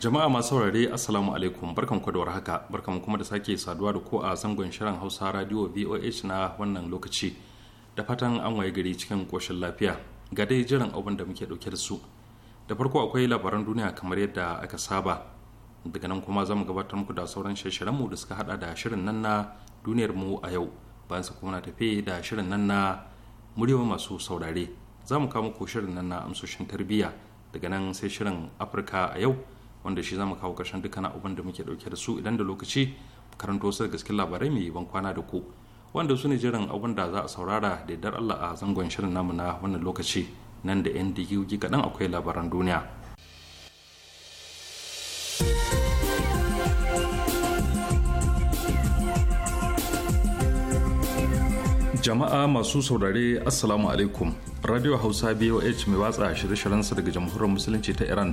jama'a masu saurare assalamu alaikum barkan ku da warhaka barkan kuma da sake saduwa da ku a zangon shirin hausa radio voh na wannan lokaci da fatan an waye gari cikin koshin lafiya ga dai jiran abin da muke dauke da su da farko akwai labaran duniya kamar yadda aka saba daga nan kuma za mu gabatar muku da sauran shirye mu da suka hada da shirin nan na duniyar mu a yau bayan sa kuma na tafi da shirin nan na muryoyi masu saurare za mu kawo muku shirin nan na amsoshin tarbiyya daga nan sai shirin afirka a yau wanda shi zamu kawo ƙarshen dukkan abubuwan da muke dauke da su idan da lokaci karanto su da gaskin labarai mai ban kwana da ku wanda su ne jiran abin da za a saurara da dar Allah a zangon shirin namu na wannan lokaci nan da 'yan digigi kaɗan akwai labaran duniya. jama'a masu saurare assalamu alaikum radio hausa boh mai watsa shirye-shiryensa daga jamhuriyar musulunci ta iran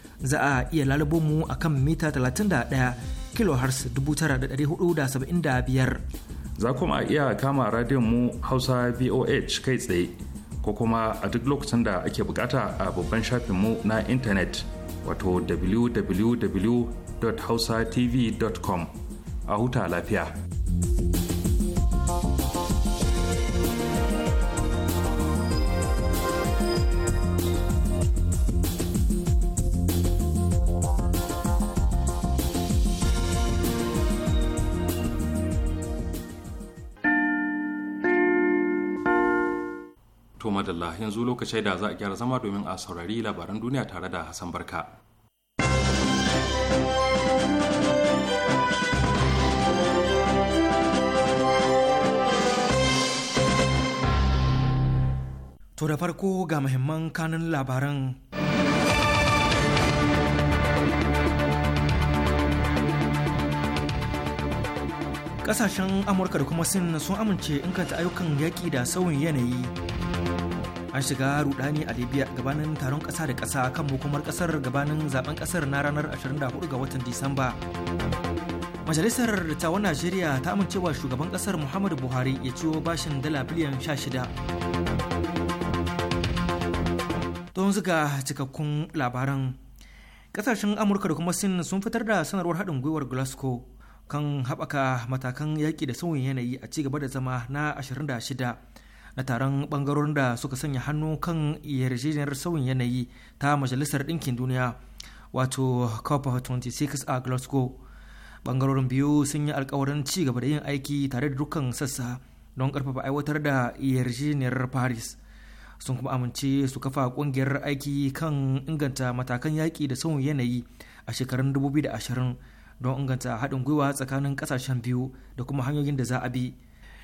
za a iya lalubo mu a kan mita 31 da biyar. Za kuma iya kama radiyon mu Hausa boh kai tsaye ko kuma a duk lokacin da ake bukata a babban shafin mu na intanet wato www.hausatv.com a huta lafiya. madalla yanzu lokacin da za a gyara zama domin a saurari labaran duniya tare da Hassan Barka. To da farko ga muhimman kanin labaran. Ƙasashen Amurka da kuma Sin sun amince inganta ayyukan yaƙi da sauyin yanayi. an shiga rudani a libya gabanin taron kasa da kasa kan hukumar kasar gabanin zaben kasar na ranar 24 ga watan disamba majalisar dattawan najeriya ta amincewa shugaban kasar muhammadu buhari ya ciwo bashin dala biliyan 16 don zuga cikakkun labaran kasashen amurka da kuma sin sun fitar da sanarwar haɗin gwiwar glasgow kan haɓaka matakan yaƙi da sauyin yanayi a ci gaba da zama na 26 na taron bangarorin da suka sanya hannu kan yarjejeniyar sauyin yanayi ta majalisar ɗinkin duniya wato cop 26 a glasgow bangarorin biyu sun yi alkawarin ci gaba da yin aiki tare da dukkan sassa don karfafa aiwatar da yarjejeniyar paris sun kuma amince su kafa kungiyar aiki kan inganta matakan yaƙi da sauyin yanayi a shekarun 2020 don inganta haɗin gwiwa tsakanin ƙasashen biyu da kuma hanyoyin da za a bi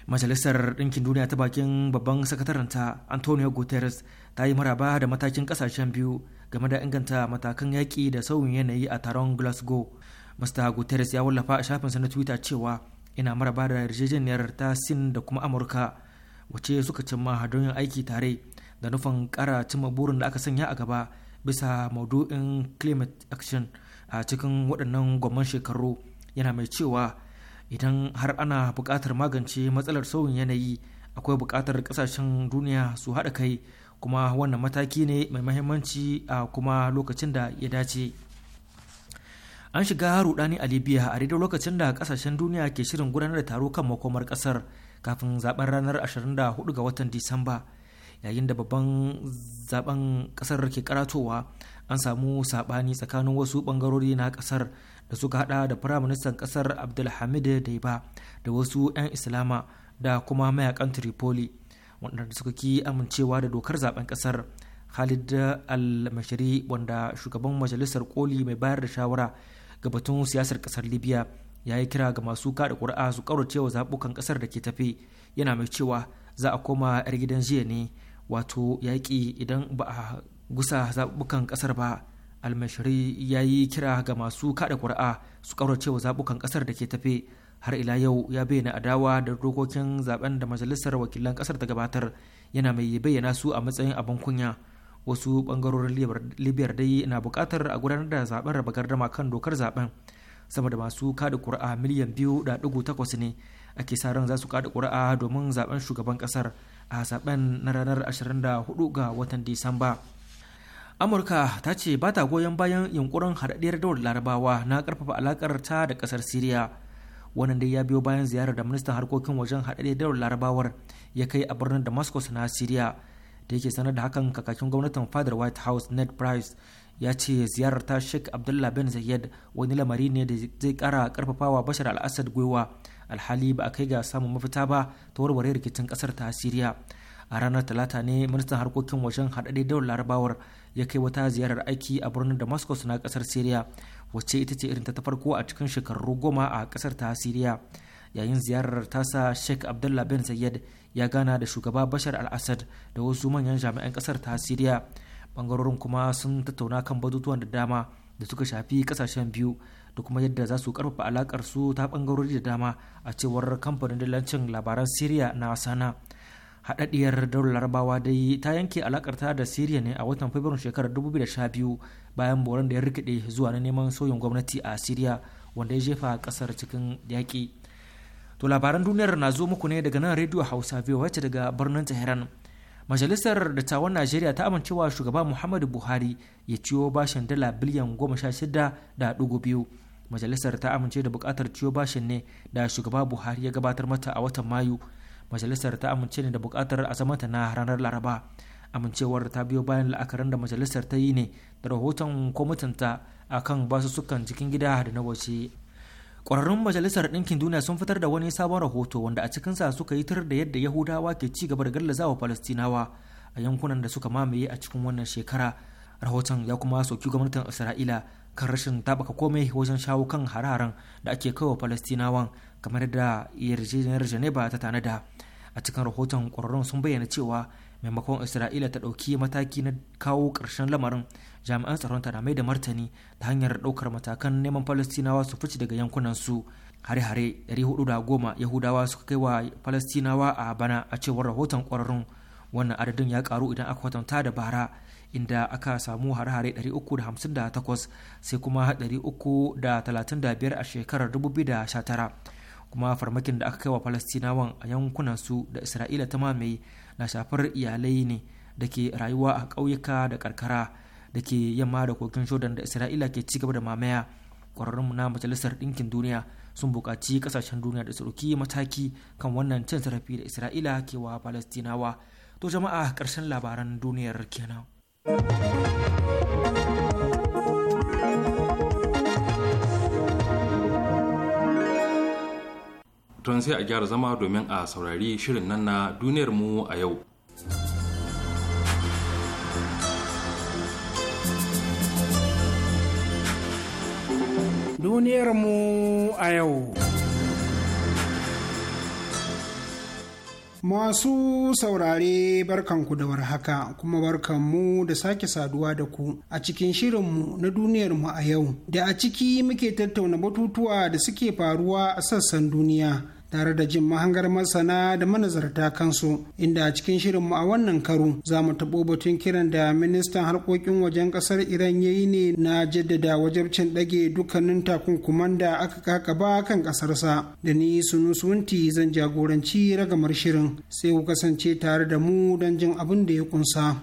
majalisar ɗinkin duniya ta bakin babban sakatarenta antonio guterres ta yi maraba da matakin ƙasashen biyu game da inganta matakan yaƙi da sauyin yanayi a taron glasgow mr guterres ya wallafa a shafinsa na twitter cewa ina maraba da yarjejeniyar ta sin da kuma amurka wace suka cimma don yin aiki tare da nufin kara cimma burin da aka sanya a gaba bisa maudu'in climate action a cikin waɗannan gwamman shekaru yana mai cewa idan har ana buƙatar magance matsalar sauyin yanayi akwai buƙatar ƙasashen duniya su haɗa kai kuma wannan mataki ne mai mahimmanci a kuma lokacin da ya dace an shiga rudani a libya a daidai lokacin da ƙasashen duniya ke shirin gudanar da taro kan makomar ƙasar kafin zaben ranar 24 ga watan disamba yayin da babban zaben ƙasar ke karatowa an samu saɓani tsakanin wasu ɓangarori na ƙasar. da suka hada da firaministan kasar abdulhamid daiba da wasu 'yan islama da kuma mayakan tripoli waɗanda suka ki amincewa da dokar zaben kasar khalid al-mashiri wanda shugaban majalisar koli mai bayar da shawara ga batun siyasar kasar libya ya yi kira ga masu kada ƙuri'a su ƙaurace wa zaɓukan ƙasar da ke tafi yana mai cewa za a koma 'yar gidan jiya ne wato yaƙi idan ba a gusa zaɓukan ƙasar ba almashiri ya yi kira ga masu kada kuri'a su ƙauracewa zabukan kasar da ke tafe har ila yau ya bayyana adawa da dokokin zaben da majalisar wakilan kasar ta gabatar yana mai bayyana su a matsayin abin kunya wasu bangarorin libyar dai na bukatar a gudanar da zaben raba gardama kan dokar zaben sama da masu kada kuri'a miliyan biyu da dugu takwas ne ake sa ran za su kada kuri'a domin zaben shugaban kasar a zaben na ranar 24 ga watan disamba amurka ta ce ba ta goyon bayan yunkurin haɗaɗɗiyar daular larabawa na karfafa alaƙar ta da ƙasar siriya wannan dai ya biyo bayan ziyarar da ministan harkokin wajen haɗaɗɗiyar daular larabawar ya kai a birnin damascus na siriya da yake sanar da hakan kakakin gwamnatin fadar white house ned price ya ce ziyarar ta sheikh abdullah bin zayed wani lamari ne da zai kara karfafawa bashar al-assad gwiwa alhali ba a kai ga samun mafita ba ta warware rikicin ƙasar ta siriya a ranar talata ne ministan harkokin wajen haɗaɗɗiyar daular larabawar ya kai wata ziyarar aiki a birnin damascus na kasar syria wacce ita ce irin ta farko a cikin shekaru goma a kasar ta syria yayin ziyarar tasa sheikh abdullah bin zayed ya gana da shugaba bashar al-assad da wasu manyan jami'an kasar ta syria bangarorin kuma sun tattauna kan batutuwan da dama da suka shafi kasashen biyu da kuma yadda za su karfafa alakar su ta bangarori da dama a cewar kamfanin dalancin labaran syria na sana haɗaɗiyar daular larabawa dai ta yanke alakarta da siriya ne a watan fabrairun shekarar 2012 bayan boron da ya rikide zuwa na neman sauyin gwamnati a siriya wanda ya jefa kasar cikin yaƙi to labaran duniyar na zo muku ne daga nan rediyo hausa biyu wacce daga birnin tehran majalisar dattawan najeriya ta amincewa shugaba muhammadu buhari ya ciwo bashin dala biliyan goma sha shida da dugu biyu majalisar ta amince da bukatar ciwo bashin ne da shugaba buhari ya gabatar mata a watan mayu majalisar ta amince ne da bukatar a zamanta na ranar laraba amincewar ta biyo bayan la'akarin da majalisar ta yi ne da rahoton kwamitinta a kan basussukan jikin gida da na waje ƙwararrun majalisar ɗinkin duniya sun fitar da wani sabon rahoto wanda a cikinsa suka yi tar da yadda yahudawa ke ci gaba da gallazawa falastinawa a yankunan da suka mamaye a cikin wannan shekara rahoton ya kuma soki gwamnatin isra'ila kan rashin tabaka komai wajen shawo kan hararen da ake wa falastinawan kamar da yarjejeniyar geneva ta tanada a cikin rahoton kwararrun sun bayyana cewa maimakon isra'ila ta ɗauki mataki na kawo karshen lamarin jami'an tsaron ta mai da martani ta hanyar ɗaukar matakan neman falastinawa su fice daga yankunansu hare-hare 410 yahudawa suka kai wa falastinawa a bana a cewar rahoton kwararrun wannan adadin ya karu idan aka kwatanta da bara inda aka samu hare-hare 358 sai kuma 335 a shekarar 2019 kuma farmakin da aka kai wa falastinawan a yankunan su da isra'ila ta mamaye na shafar iyalai ne da ke rayuwa a ƙauyuka da karkara da ke yamma da kogin jordan da isra'ila ke ci gaba da mamaya mu na majalisar ɗinkin duniya sun buƙaci ƙasashen duniya da su mataki kan wannan cin zarafi da isra'ila ke wa falastinawa to jama'a ƙarshen labaran duniyar kenan. tun sai a gyara zama domin a saurari shirin nan na duniyar mu a yau. Duniyar mu a yau. Masu saurare barkanku da warhaka kuma barkanmu da sake saduwa da ku a cikin shirinmu na duniyarmu a yau da a ciki muke tattauna batutuwa da suke faruwa a sassan duniya tare da jin mahangar masana da manazarta kansu inda a cikin shirinmu a wannan karo za mu taɓo batun kiran da ministan harkokin wajen ƙasar iran ya yi ne na jaddada wajabcin ɗage dukkanin takunkuman da aka kakaba kan ƙasarsa da ni sunu sunti zan jagoranci ragamar shirin sai ku kasance tare da mu don jin abin da ya ƙunsa.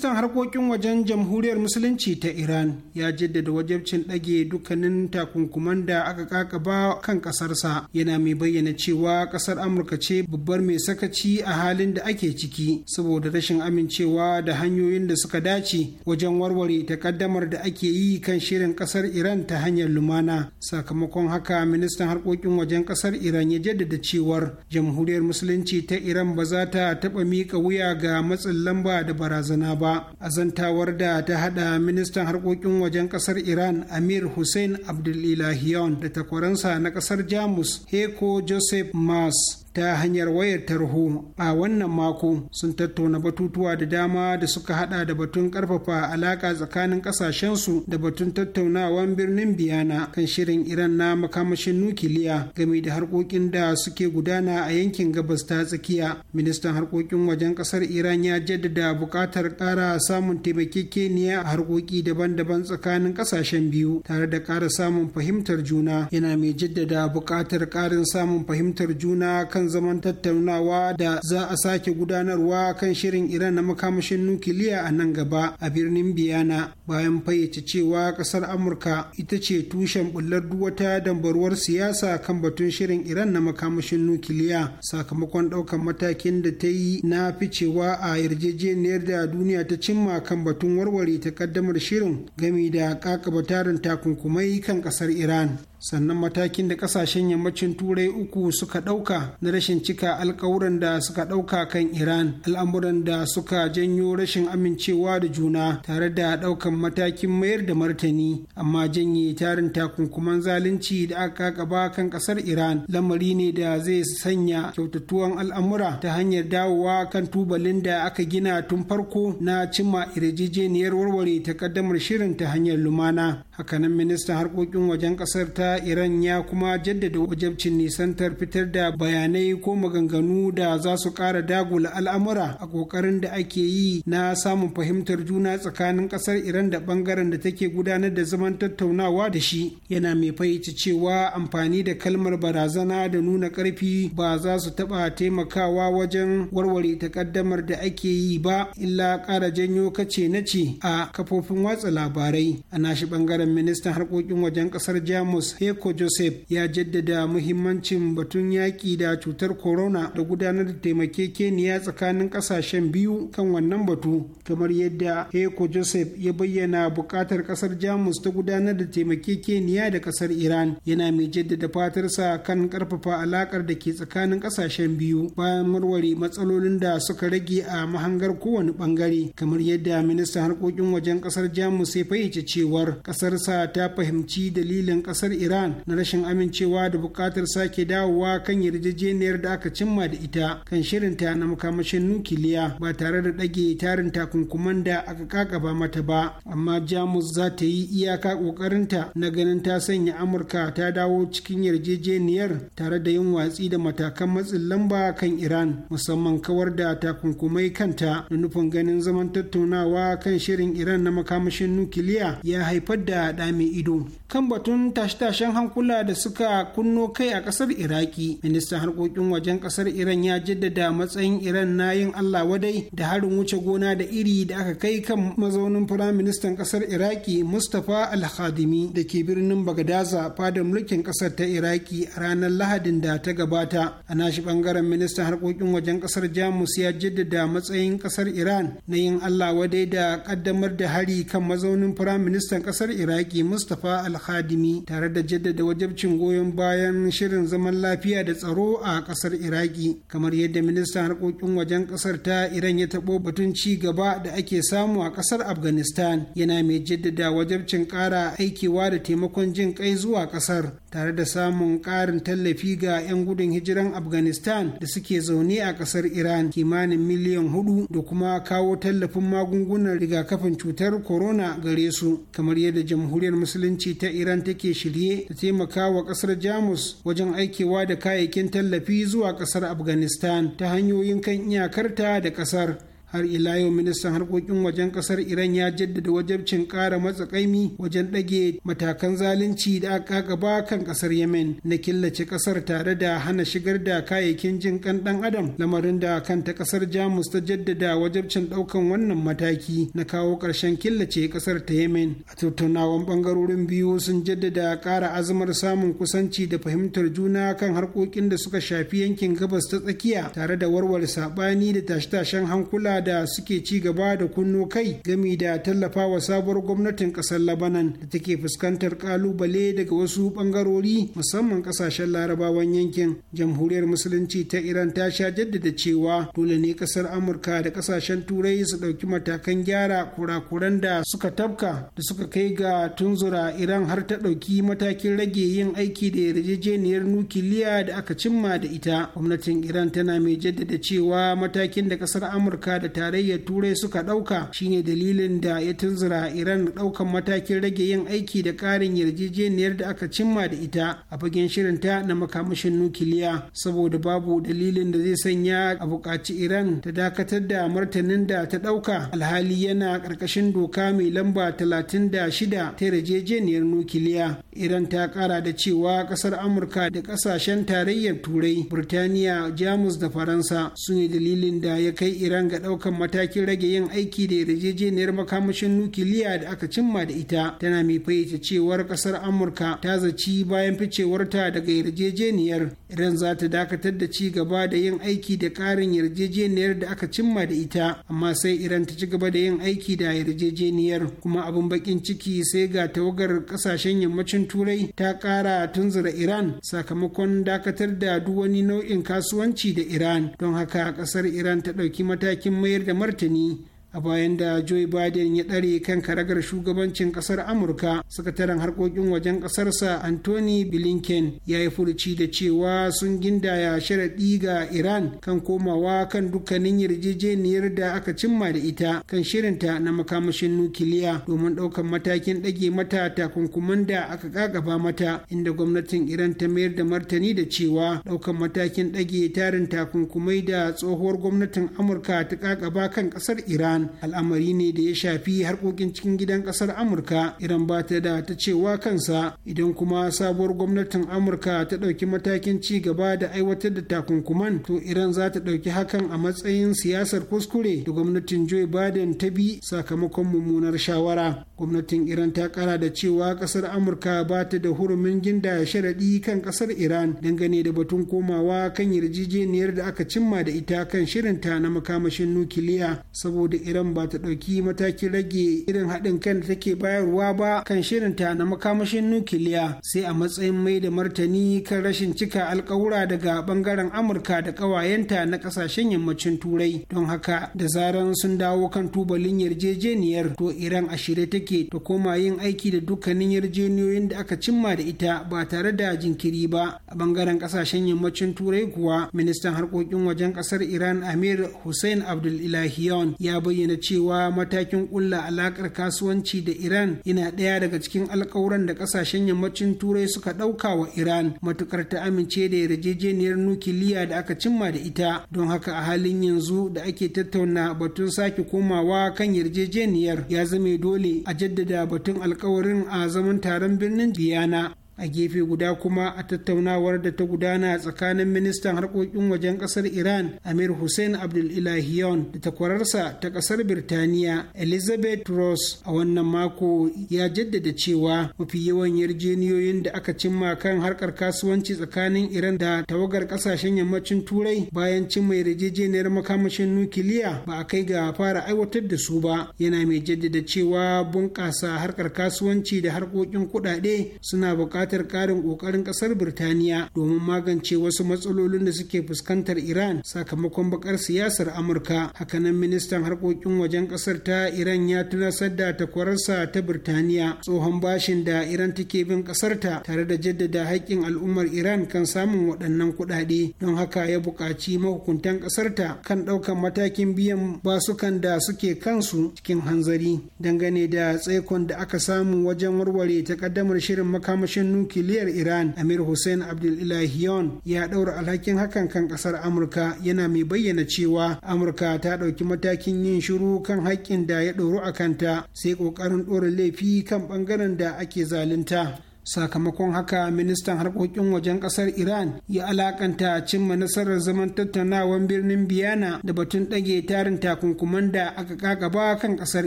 ministan harkokin wajen jamhuriyar musulunci ta iran ya jaddada wajabcin ɗage dukkanin takunkuman da aka kakaba kan ƙasarsa yana mai bayyana cewa ƙasar amurka ce babbar mai sakaci a halin da ake ciki saboda rashin amincewa da hanyoyin da suka dace wajen warware takaddamar da ake yi kan shirin ƙasar iran ta hanyar lumana sakamakon haka ministan harkokin wajen ƙasar iran ya jaddada cewar jamhuriyar musulunci ta iran ba za ta taɓa mika wuya ga matsin lamba da barazana ba azantawar da ta hada ministan harkokin wajen kasar iran amir hussein abdulilahiyon da takwaransa na kasar jamus heko joseph mas ta hanyar wayar tarho a wannan mako sun tattauna batutuwa da dama da suka hada da batun karfafa alaka tsakanin kasashensu da batun tattaunawan birnin biyana kan shirin iran na makamashin nukiliya game da harkokin da suke gudana a yankin gabas ta tsakiya ministan harkokin wajen kasar iran ya jaddada bukatar kara samun taimakekeniya a harkoki daban-daban tsakanin kasashen biyu tare da ƙara samun fahimtar juna yana mai jaddada buƙatar ƙarin samun fahimtar juna kan kan zaman tattaunawa da za a sake gudanarwa kan shirin iran na makamashin nukiliya a nan gaba a birnin biyana bayan fayyace cewa kasar amurka ita ce tushen bullar wata dambarwar siyasa kan batun shirin iran na makamashin nukiliya sakamakon ɗaukar matakin da ta yi na ficewa a yarjejeniyar da duniya ta cimma kan batun warware ta takaddamar shirin gami da kakaba takunkumai kan kasar iran sannan matakin da kasashen yammacin turai uku suka ɗauka na rashin cika alkawuran da suka ɗauka kan iran al'amuran da suka janyo rashin amincewa da juna tare da ɗaukan matakin mayar da martani amma janye tarin takunkuman zalunci da aka gaba kan ƙasar iran lamari ne da zai sanya kyautatuwan al'amura ta hanyar dawowa kan tubalin da aka gina tun farko na cimma yarjejeniyar warware ta takaddamar shirin ta hanyar lumana hakanan ministan harkokin wajen kasar ta iran ya kuma jaddada wajabcin nisantar fitar da bayanai ko maganganu da za su kara dagula al'amura a kokarin da ake yi na samun fahimtar juna tsakanin kasar iran da bangaren da take gudanar da zaman tattaunawa da shi yana mai fahimci cewa amfani da kalmar barazana da nuna karfi ba za su taba taimakawa wajen warware takaddamar da ake yi ba illa kara janyo kace na ce a kafofin watsa labarai a nashi bangaren ministan harkokin wajen kasar jamus heko joseph ya jaddada muhimmancin batun yaƙi da cutar corona da gudanar da taimakekeniya tsakanin ƙasashen biyu kan wannan batu kamar yadda heko joseph ya bayyana buƙatar ƙasar jamus ta gudanar da taimakekeniya da ƙasar iran yana mai jaddada fatarsa kan ƙarfafa alaƙar da ke tsakanin ƙasashen biyu bayan marware matsalolin da suka rage a mahangar kowane ɓangare kamar yadda ministan harkokin wajen ƙasar jamus ya fayyace cewar ƙasar ƙasarsa ta fahimci dalilin ƙasar iran na rashin amincewa da buƙatar sake dawowa kan yarjejeniyar da aka cimma da ita kan shirinta na makamashin nukiliya ba tare da ɗage tarin takunkuman da aka kakaba mata ba amma jamus za ta yi iyaka ƙoƙarinta na ganin ta sanya amurka ta dawo cikin yarjejeniyar tare da yin watsi da matakan matsin lamba kan iran musamman kawar da takunkumai kanta da nufin ganin zaman tattaunawa kan shirin iran na makamashin nukiliya ya haifar da da mai ido kan batun tashe-tashen hankula da suka kunno kai a ƙasar iraki ministan harkokin wajen ƙasar iran ya jaddada matsayin iran na yin allah wadai da harin wuce gona da iri da aka kai kan mazaunin firaministan ƙasar iraki mustapha al-khadimi da ke birnin bagadaza fadar mulkin ƙasar ta iraki a ranar lahadin da ta gabata a nashi ɓangaren ministan harkokin wajen ƙasar jamus ya jaddada matsayin ƙasar iran na yin allah wadai da kaddamar da hari kan mazaunin firaministan ƙasar iraki iraki mustapha al-Hadimi tare da jaddada wajabcin goyon bayan shirin zaman lafiya da tsaro a ƙasar iraki kamar yadda ministan harkokin wajen ƙasar ta iran ya taɓo batun ci gaba da ake samu a ƙasar afghanistan yana mai jaddada wajabcin ƙara aikewa da taimakon jin kai zuwa ƙasar tare da samun ƙarin tallafi ga 'yan gudun hijiran afghanistan da suke zaune a ƙasar iran kimanin miliyan hudu da kuma kawo tallafin magungunan rigakafin cutar corona gare su kamar yadda jamhuriyar musulunci ta iran take shirye ta taimaka wa kasar jamus wajen aikewa da kayayyakin tallafi zuwa kasar afghanistan ta hanyoyin kan iyakarta da kasar har ila yau ministan harkokin wajen kasar iran ya jaddada wajabcin kara matsa kaimi wajen ɗage matakan zalunci da aka gaba kan kasar yemen na killace kasar tare da hana shigar da kayayyakin jin kan dan adam lamarin da kanta kasar jamus ta jaddada wajabcin ɗaukan wannan mataki na kawo ƙarshen killace kasar ta yemen a tattaunawan ɓangarorin biyu sun jaddada ƙara azumar samun kusanci da fahimtar juna kan harkokin da suka shafi yankin gabas ta tsakiya tare da warware saɓani da tashe-tashen hankula da suke ci gaba da kunno kai gami da tallafawa sabuwar gwamnatin ƙasar labanan da take fuskantar kalubale daga wasu bangarori musamman kasashen larabawan yankin jamhuriyar musulunci ta iran ta sha jaddada cewa dole ne kasar amurka da kasashen turai su ɗauki matakan gyara kurakuran da suka tabka da suka kai ga tunzura iran har ta ɗauki matakin rage yin aiki da yarjejeniyar nukiliya da aka cimma da ita gwamnatin iran tana mai jaddada cewa matakin da kasar amurka da tarayyar turai suka ɗauka shine dalilin da ya tunzura iran ɗaukan matakin rage yin aiki da ƙarin yarjejeniyar da aka cimma da ita a fagen shirinta na makamashin nukiliya saboda babu dalilin da zai sanya a buƙaci iran ta dakatar da martanin da ta ɗauka alhali yana ƙarƙashin doka mai lamba 36 ta yarjejeniyar nukiliya iran ta ƙara da cewa ƙasar amurka da ƙasashen tarayyar turai burtaniya jamus da faransa su ne dalilin da ya kai iran ga ɗaukar ɗaukan matakin rage yin aiki da yarjejeniyar makamashin nukiliya da aka cimma da ita tana mai fayyace cewar ƙasar amurka ta zaci bayan ficewarta daga yarjejeniyar iran za ta dakatar da ci gaba da yin aiki da karin yarjejeniyar da aka cimma da ita amma sai iran ta ci gaba da yin aiki da yarjejeniyar kuma abin bakin ciki sai ga tawagar ƙasashen yammacin turai ta ƙara tunzura iran sakamakon dakatar da duk wani nau'in kasuwanci da iran don haka kasar iran ta ɗauki matakin mayar da martani a bayan da joe biden ya ɗare kan karagar shugabancin ƙasar amurka sakataren harkokin wajen ƙasarsa anthony blinken ya yi furuci da cewa sun gindaya sharaɗi ga iran kan komawa kan dukkanin yarjejeniyar da aka cimma da ita kan shirinta na makamashin nukiliya domin ɗaukan matakin ɗage mata takunkuman da aka ƙaƙaba mata inda gwamnatin iran ta mayar da martani da cewa ɗaukan matakin ɗage tarin takunkumai da tsohuwar gwamnatin amurka ta ƙaƙaba kan ƙasar iran iran al'amari ne da ya shafi harkokin cikin gidan kasar amurka iran ba ta da ta cewa kansa idan kuma sabuwar gwamnatin amurka ta ɗauki matakin ci gaba da aiwatar da takunkuman to iran za ta ɗauki hakan a matsayin siyasar kuskure da gwamnatin joe biden ta bi sakamakon mummunar shawara gwamnatin iran ta kara da cewa kasar amurka ba ta da hurumin ginda sharaɗi kan kasar iran dangane da batun komawa kan yarjejeniyar da aka cimma da ita kan shirinta na makamashin nukiliya saboda iran ba ta ɗauki matakin rage irin haɗin kan da take bayarwa ba kan shirinta na makamashin nukiliya sai a matsayin mai da martani kan rashin cika alkawura daga bangaren amurka da ƙawayenta na ƙasashen yammacin turai don haka da zaran sun dawo kan tubalin yarjejeniyar to iran a shirye take ta koma yin aiki da dukkanin yarjejeniyoyin da aka cimma da ita ba tare da jinkiri ba a bangaren ƙasashen yammacin turai kuwa ministan harkokin wajen ƙasar iran amir hussein abdul ilahiyon ya bayyana bayyana cewa matakin ƙulla alaƙar kasuwanci da Iran yana ɗaya daga cikin alkawuran da ƙasashen yammacin Turai suka ɗauka wa Iran matukar ta amince da yarjejeniyar nukiliya da aka cimma da ita don haka a halin yanzu da ake tattauna batun sake komawa kan yarjejeniyar ya zame dole a jaddada batun alkawarin a zaman taron birnin Biyana a gefe guda kuma a tattaunawar da ta gudana tsakanin ministan harkokin wajen kasar iran amir hussein abdul ilahiyon da takwararsa ta kasar birtaniya elizabeth ross a wannan mako ya jaddada cewa mafi yawan yarjeniyoyin da aka cimma kan harkar kasuwanci tsakanin iran da tawagar kasashen yammacin turai bayan cimma yarjejeniyar makamashin nukiliya ba a kai ga fara aiwatar da su ba yana mai jaddada cewa bunƙasa harkar kasuwanci da harkokin kuɗaɗe suna buƙatar buƙatar ƙarin ƙoƙarin ƙasar birtaniya domin magance wasu matsalolin da suke fuskantar iran sakamakon bakar siyasar amurka hakanan ministan harkokin wajen ƙasar ta iran ya tunasar da takwararsa ta birtaniya tsohon bashin da iran take bin ƙasar ta tare da jaddada haƙƙin al'ummar iran kan samun waɗannan kuɗaɗe don haka ya buƙaci mahukuntan ƙasar ta kan ɗaukan matakin biyan basukan da suke kansu cikin hanzari dangane da tsaikon da aka samu wajen warware ta takaddamar shirin makamashin nukiliyar iran amir hussein ilahiyon ya ɗaura alhakin hakan kan ƙasar amurka yana mai bayyana cewa amurka ta ɗauki matakin yin shiru kan haƙƙin da ya ɗoru a kanta sai ƙoƙarin ɗora laifi kan ɓangaren da ake zalunta sakamakon haka ministan harkokin wajen kasar iran ya alakanta cimma nasarar zaman tattaunawan birnin biyana da batun ɗage tarin takunkuman da aka kakaba kan kasar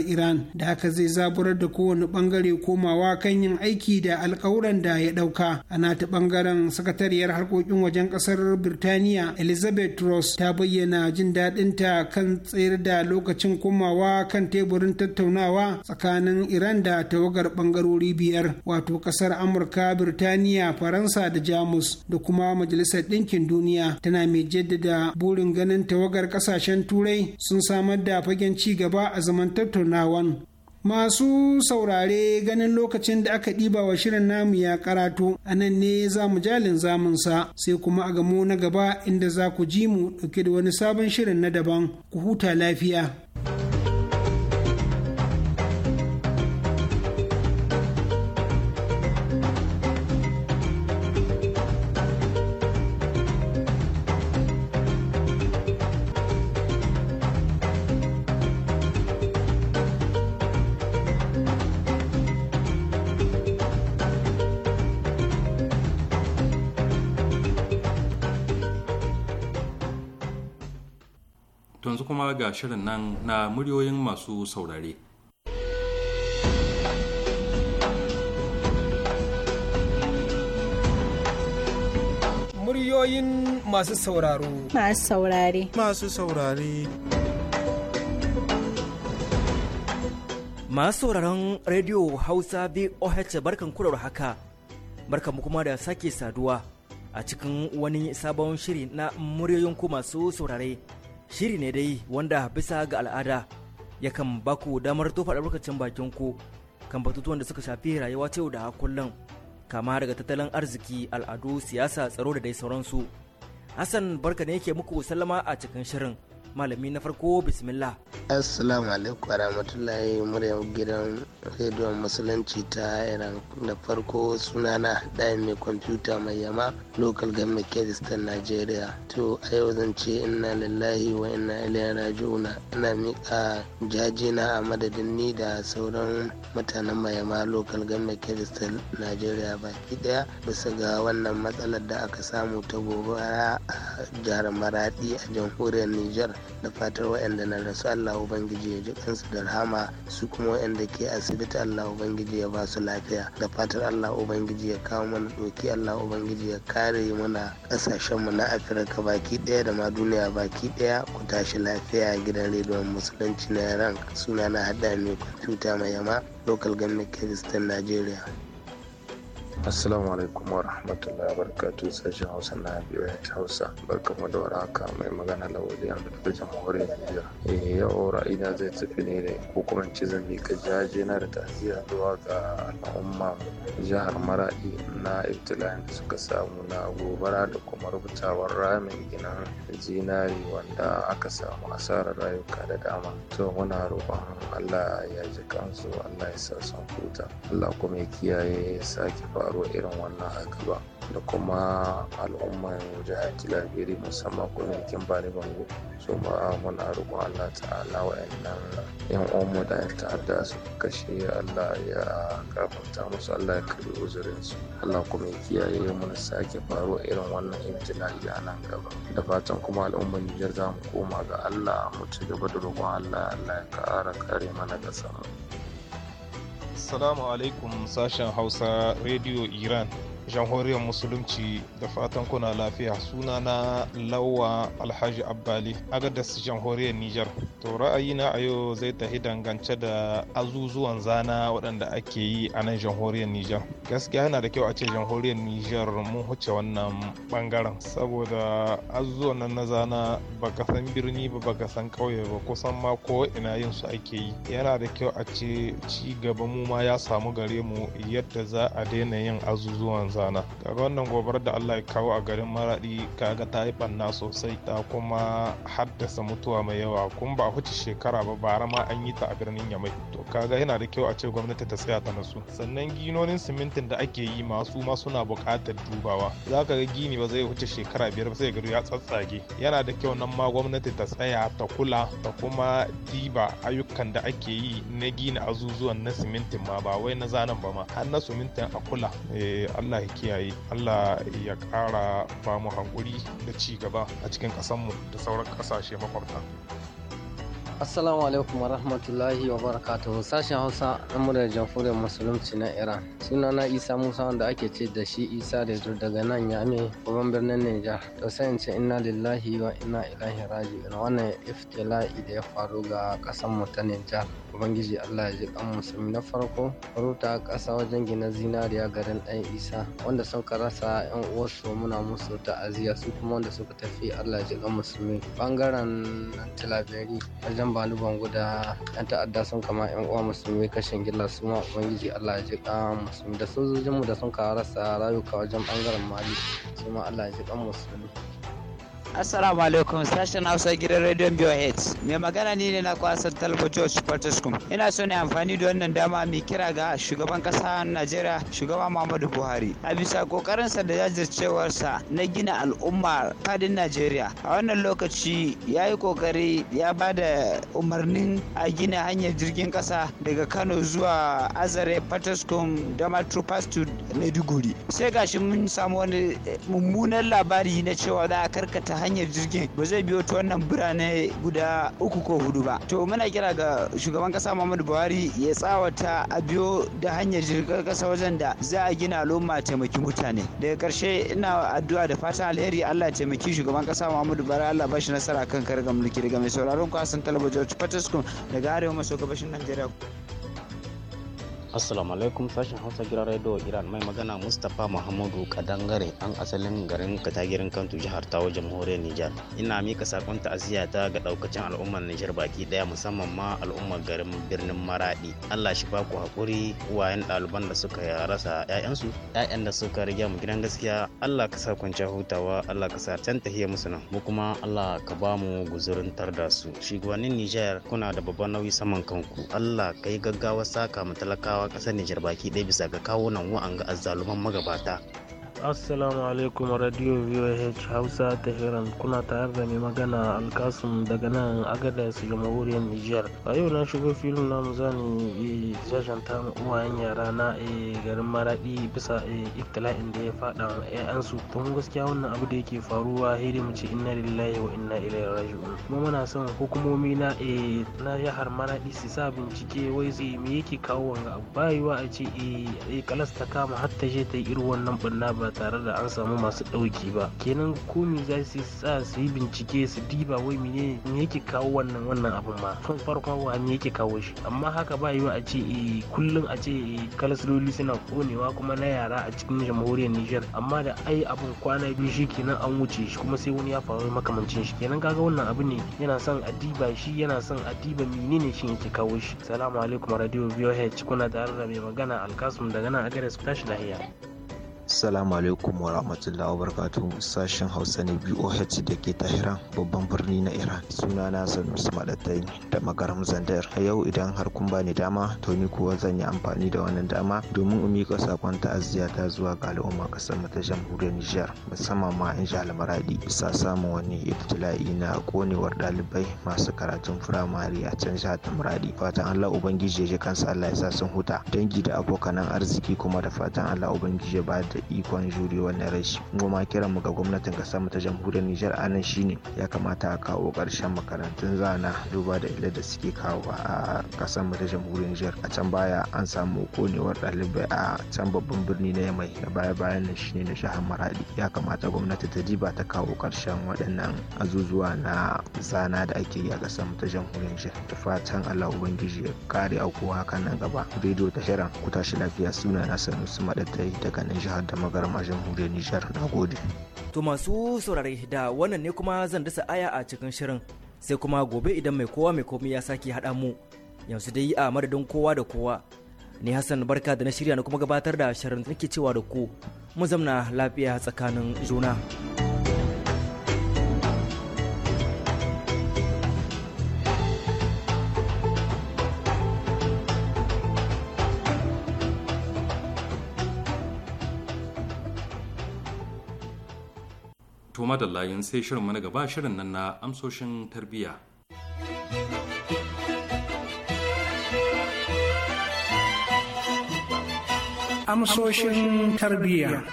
iran da haka zai zaburar da kowane bangare komawa kan yin aiki da alkawuran da ya ɗauka a nata bangaren sakatariyar harkokin wajen kasar birtaniya elizabeth ross ta bayyana jin ta kan tsayar da lokacin komawa kan teburin tattaunawa tsakanin iran da tawagar bangarori biyar wato kasar amurka birtaniya faransa da jamus da kuma majalisar ɗinkin duniya tana mai jaddada burin ganin tawagar ƙasashen turai sun samar da fagen ci gaba a zaman tattaunawan masu saurare ganin lokacin da aka ɗiba wa shirin namu ya karatu a nan ne za mu jalin zamunsa sai kuma a gamo na gaba inda za ku ji mu ɗauke da wani sabon shirin na daban ku huta lafiya. shirin nan na muryoyin masu saurare. Muryoyin masu sauraro. Masu saurare. Masu saurare. Masu sauraron Radio Hausa VOH barkan kurar haka, barkan kuma da sake saduwa a cikin wani sabon shiri na muryoyin ku masu saurare. shiri ne dai wanda bisa ga al'ada yakan baku damar tofa albarkacin bakin ku kan batutuwan da suka shafi rayuwa ta yau da kullum kama daga tattalin arziki al'adu siyasa tsaro da dai sauransu hassan barka ne yake muku sallama a cikin shirin malami na farko bismillah assalamu alaikum warahmatullahi muryar gidan rediyon musulunci ta iran da farko sunana ɗaya mai kwamfuta mai yama local government kyrgyzstan ta nigeria to a yau zan ce inna lillahi wa inna raju na. ina miƙa jajina a madadin ni da sauran mutanen mayama local government kebis ta nigeria baki ɗaya bisa ga wannan matsalar da aka samu ta gobara a jihar maradi a jamhuriyar Nijar. da fatar waɗanda na rasu Allah Ubangiji ya ji kansu da rahama su kuma waɗanda ke asibiti Allah Ubangiji ya ba su lafiya da fatar Allah Ubangiji ya kawo mana doki Allah Ubangiji ya kare mana ƙasashenmu na Afirka baki ɗaya da ma duniya baki ɗaya ku tashi lafiya gidan rediyon musulunci na Iran suna na hada mai kwamfuta mai yama local government kiristan Najeriya. assalamu alaikum wa rahmatullahi wa sashen hausa na biyu ya hausa barkamu da waraka mai magana wuri a mutu jamhuriyar Eh yau ra'ina zai tafi ne da ko kuma ci zan mika jaje na da zuwa ga al'umma jihar maradi na ibtila'in da suka samu na gobara da kuma rubutawar ramin ginin zinari wanda aka samu asarar rayuka da dama to muna roƙon allah ya ji kansu allah ya sa sun huta allah kuma ya kiyaye ya sake faru faruwa irin wannan a gaba da kuma al'ummar jihar tilabiri musamman kwamitin bani bango su ma muna roƙon allah ta'ala wa'annan yan mu da yan ta'adda su kashe allah ya gafarta musu allah ya karbi uzurinsu allah kuma ya kiyaye mu sake faruwa irin wannan ibtila'i a nan gaba da fatan kuma al'umman nijar za mu koma ga allah mu ci gaba da roƙon allah allah ya ƙara kare mana ƙasar mu Assalamu alaikum sashen Hausa Radio Iran. jamhuriyar musulunci da fatan kuna lafiya suna na lawa alhaji abbali agadas jamhuriyar niger to ra'ayina a yau zai tafi dangance da azuzuwan zana waɗanda ake yi a nan jamhuriyar niger gaskiya yana da kyau a ce jamhuriyar niger mun huce wannan bangaren saboda azuzuwan nan na zana ba ka san birni ba ka san ƙauye ba kusan ma ko ina yin su ake yi yana da kyau a ce ci gaba mu ma ya samu gare mu yadda za a daina yin azuzuwan zana daga wannan gobar da allah ya kawo a garin maradi kaga ta yi banna sosai ta kuma haddasa mutuwa mai yawa kun ba huce shekara ba bara ma an yi ta a birnin yamai to kaga yana da kyau a ce gwamnati ta tsaya ta nasu sannan ginonin simintin da ake yi masu ma suna buƙatar dubawa za ka ga gini ba zai huce shekara biyar ba sai gado ya tsatsage yana da kyau nan ma gwamnati ta tsaya ta kula ta kuma diba ayyukan da ake yi na gina azuzuwan na simintin ma ba wai na zanen ba ma har na simintin a kula eh, Allah ya kiyaye allah ya kara ba mu hankuri da ci gaba a cikin ƙasanmu da sauran ƙasashe makwabta Assalamu alaikum wa rahmatullahi wa barakatuhu sashen Hausa na muryar jamhuriyar musulunci na Iran. Suna na Isa Musa wanda ake ce da shi Isa da daga nan ya ne babban birnin Nijar. da sai ce inna lillahi wa inna raji. raji'un wannan iftila'i da ya faru ga kasan mu ta Nijar. Ubangiji Allah ya ji kan musulmi na farko Ruta, kasa wajen gina zinariya garin ɗan Isa wanda suka rasa yan uwarsu muna musu ta'aziyya su kuma wanda suka tafi Allah ya ji kan musulmi. Bangaren Tilaberi ba ni bangu da yan ta'adda sun kama yan uwa musulmi kashin gilla su ma ubangiji allah ya ji kan musulmi da sojojinmu da sun kawo rasa rayuka wajen bangaren mali su ma allah ya ji kan musulmi Assalamu alaikum sashen Hausa gidan rediyon BOH. Mai magana ni ne na kwasan Talba George Fortescue. Ina so ne amfani da wannan dama mai kira ga shugaban kasa Najeriya shugaban Muhammadu Buhari. A bisa kokarinsa da jajircewarsa na gina al'umma fadin Najeriya. A wannan lokaci ya yi kokari ya ba da umarnin a gina hanyar jirgin ƙasa daga Kano zuwa Azare Fortescue da Pass to Maiduguri. Sai gashi mun samu wani mummunan labari na cewa za a karkata hanyar jirgin ba zai biyo ta wannan birane guda uku ko hudu ba to muna kira ga shugaban kasa muhammadu buhari ya tsawata a biyo da hanyar jirgin kasa wajen da za a gina al'umma taimaki mutane daga karshe ina addu'a da fatan alheri allah taimaki shugaban kasa muhammadu buhari allah bashi nasara kan karga mulki daga mai sauraron kwasan talabijin fataskum daga arewa maso gabashin najeriya assalamu alaikum sashen hausa Gira radio iran mai magana mustapha muhammadu kadangare an asalin garin katagirin kantu jihar tawo jamhuriyar nijar ina mika sakon ta'aziyya ta ga daukacin al'ummar nijar baki daya musamman ma al'ummar garin birnin maradi allah shi ba ku hakuri uwayen ɗaliban da suka rasa 'ya'yansu 'ya'yan da suka riga mu gidan gaskiya allah ka sa kwanciya hutawa allah ka sa can musu nan mu kuma allah ka ba mu guzurin tar da su shugabannin nijar kuna da babban nauyi saman kanku allah ka yi gaggawa saka mu talakawa kasar ƙasar Nijar baki ɗaya bisa ga kawo nan wa'anga azzaluman magabata assalamu alaikum radio voh hausa ta hiran kuna tare da mai magana alkasum daga nan agada agadas jamhuriyar nijar a yau na shigo filin namu zani jajanta uwayen yara na eh, garin maradi bisa eh, iftila'in da ya fada yayansu tun gaskiya wannan abu da yake faruwa hidi mu ce inna lillahi wa inna ilaihi raji'un kuma muna son hukumomi na eh, na jihar maradi su sa bincike wai tsaye me yake kawo wanga abu bayuwa a ce kalas ta kama har ta je ta yi irin wannan ba. ba tare da an samu masu ɗauki ba kenan komi za su sa su yi bincike su diba wai mene ne yake kawo wannan wannan abin ma tun farko wa ne yake kawo shi amma haka ba yiwa a ce eh, kullum a ce eh, kalasiloli suna konewa kuma na yara a cikin jamhuriyar Nijar amma da ai abin kwana biyu shi kenan an wuce shi kuma sai wani ya faru makamancin shi kenan kaga wannan abu ne yana son a diba shi yana son a diba ne shi yake kawo shi salamu alaikum radio voh kuna tare da mai magana alkasum daga nan agares tashi lahiya Assalamu alaikum wa rahmatullahi wa sashen Hausa ne BOH da ke Tahiran babban birni na Iran. Suna na Sanusi Madatai da Magaram Zandar. A yau idan har kun bani dama to ni kuwa zan yi amfani da wannan dama domin in miƙa sakon ta'aziyya ta zuwa ga al'umma ƙasar mu ta jamhuriyar Nijar musamman ma in ji Almaradi bisa samun wani ibtila'i na konewar ɗalibai masu karatun firamare a can ta Tamradi. Fatan Allah Ubangiji ya ji kansa Allah ya sa sun huta dangi da abokanan arziki kuma da fatan Allah Ubangiji ya ba da ikon jure wannan rashi goma kiran mu ga gwamnatin kasar mu ta jamhuriyar Nijar a nan shine ya kamata a kawo ƙarshen makarantun zana duba da illar da suke kawo a kasar mu ta jamhuriyar Nijar a can baya an samu konewar ɗalibai a can babban birni na Yamai da baya bayan nan shine na jihar Maradi ya kamata gwamnati ta diba ta kawo ƙarshen waɗannan azuzuwa na zana da ake yi a kasar mu ta jamhuriyar Nijar ta fatan Allah ubangiji ya kare aukuwa kan nan gaba rediyo ta shirin ku tashi lafiya suna na ta yi daga nan jihar jihar da a jamhuriyar nijar na gode to masu saurare da wannan ne kuma zan dasa aya a cikin shirin sai kuma gobe idan mai kowa mai komai ya sake haɗa mu yanzu dai a madadin kowa da kowa ni hassan barka da na shirya na kuma gabatar da shirin nake cewa da ku mu zamna lafiya tsakanin juna. da layin sai shirin mana gaba shirin nan na amsoshin tarbiyya. Amsoshin tarbiyya.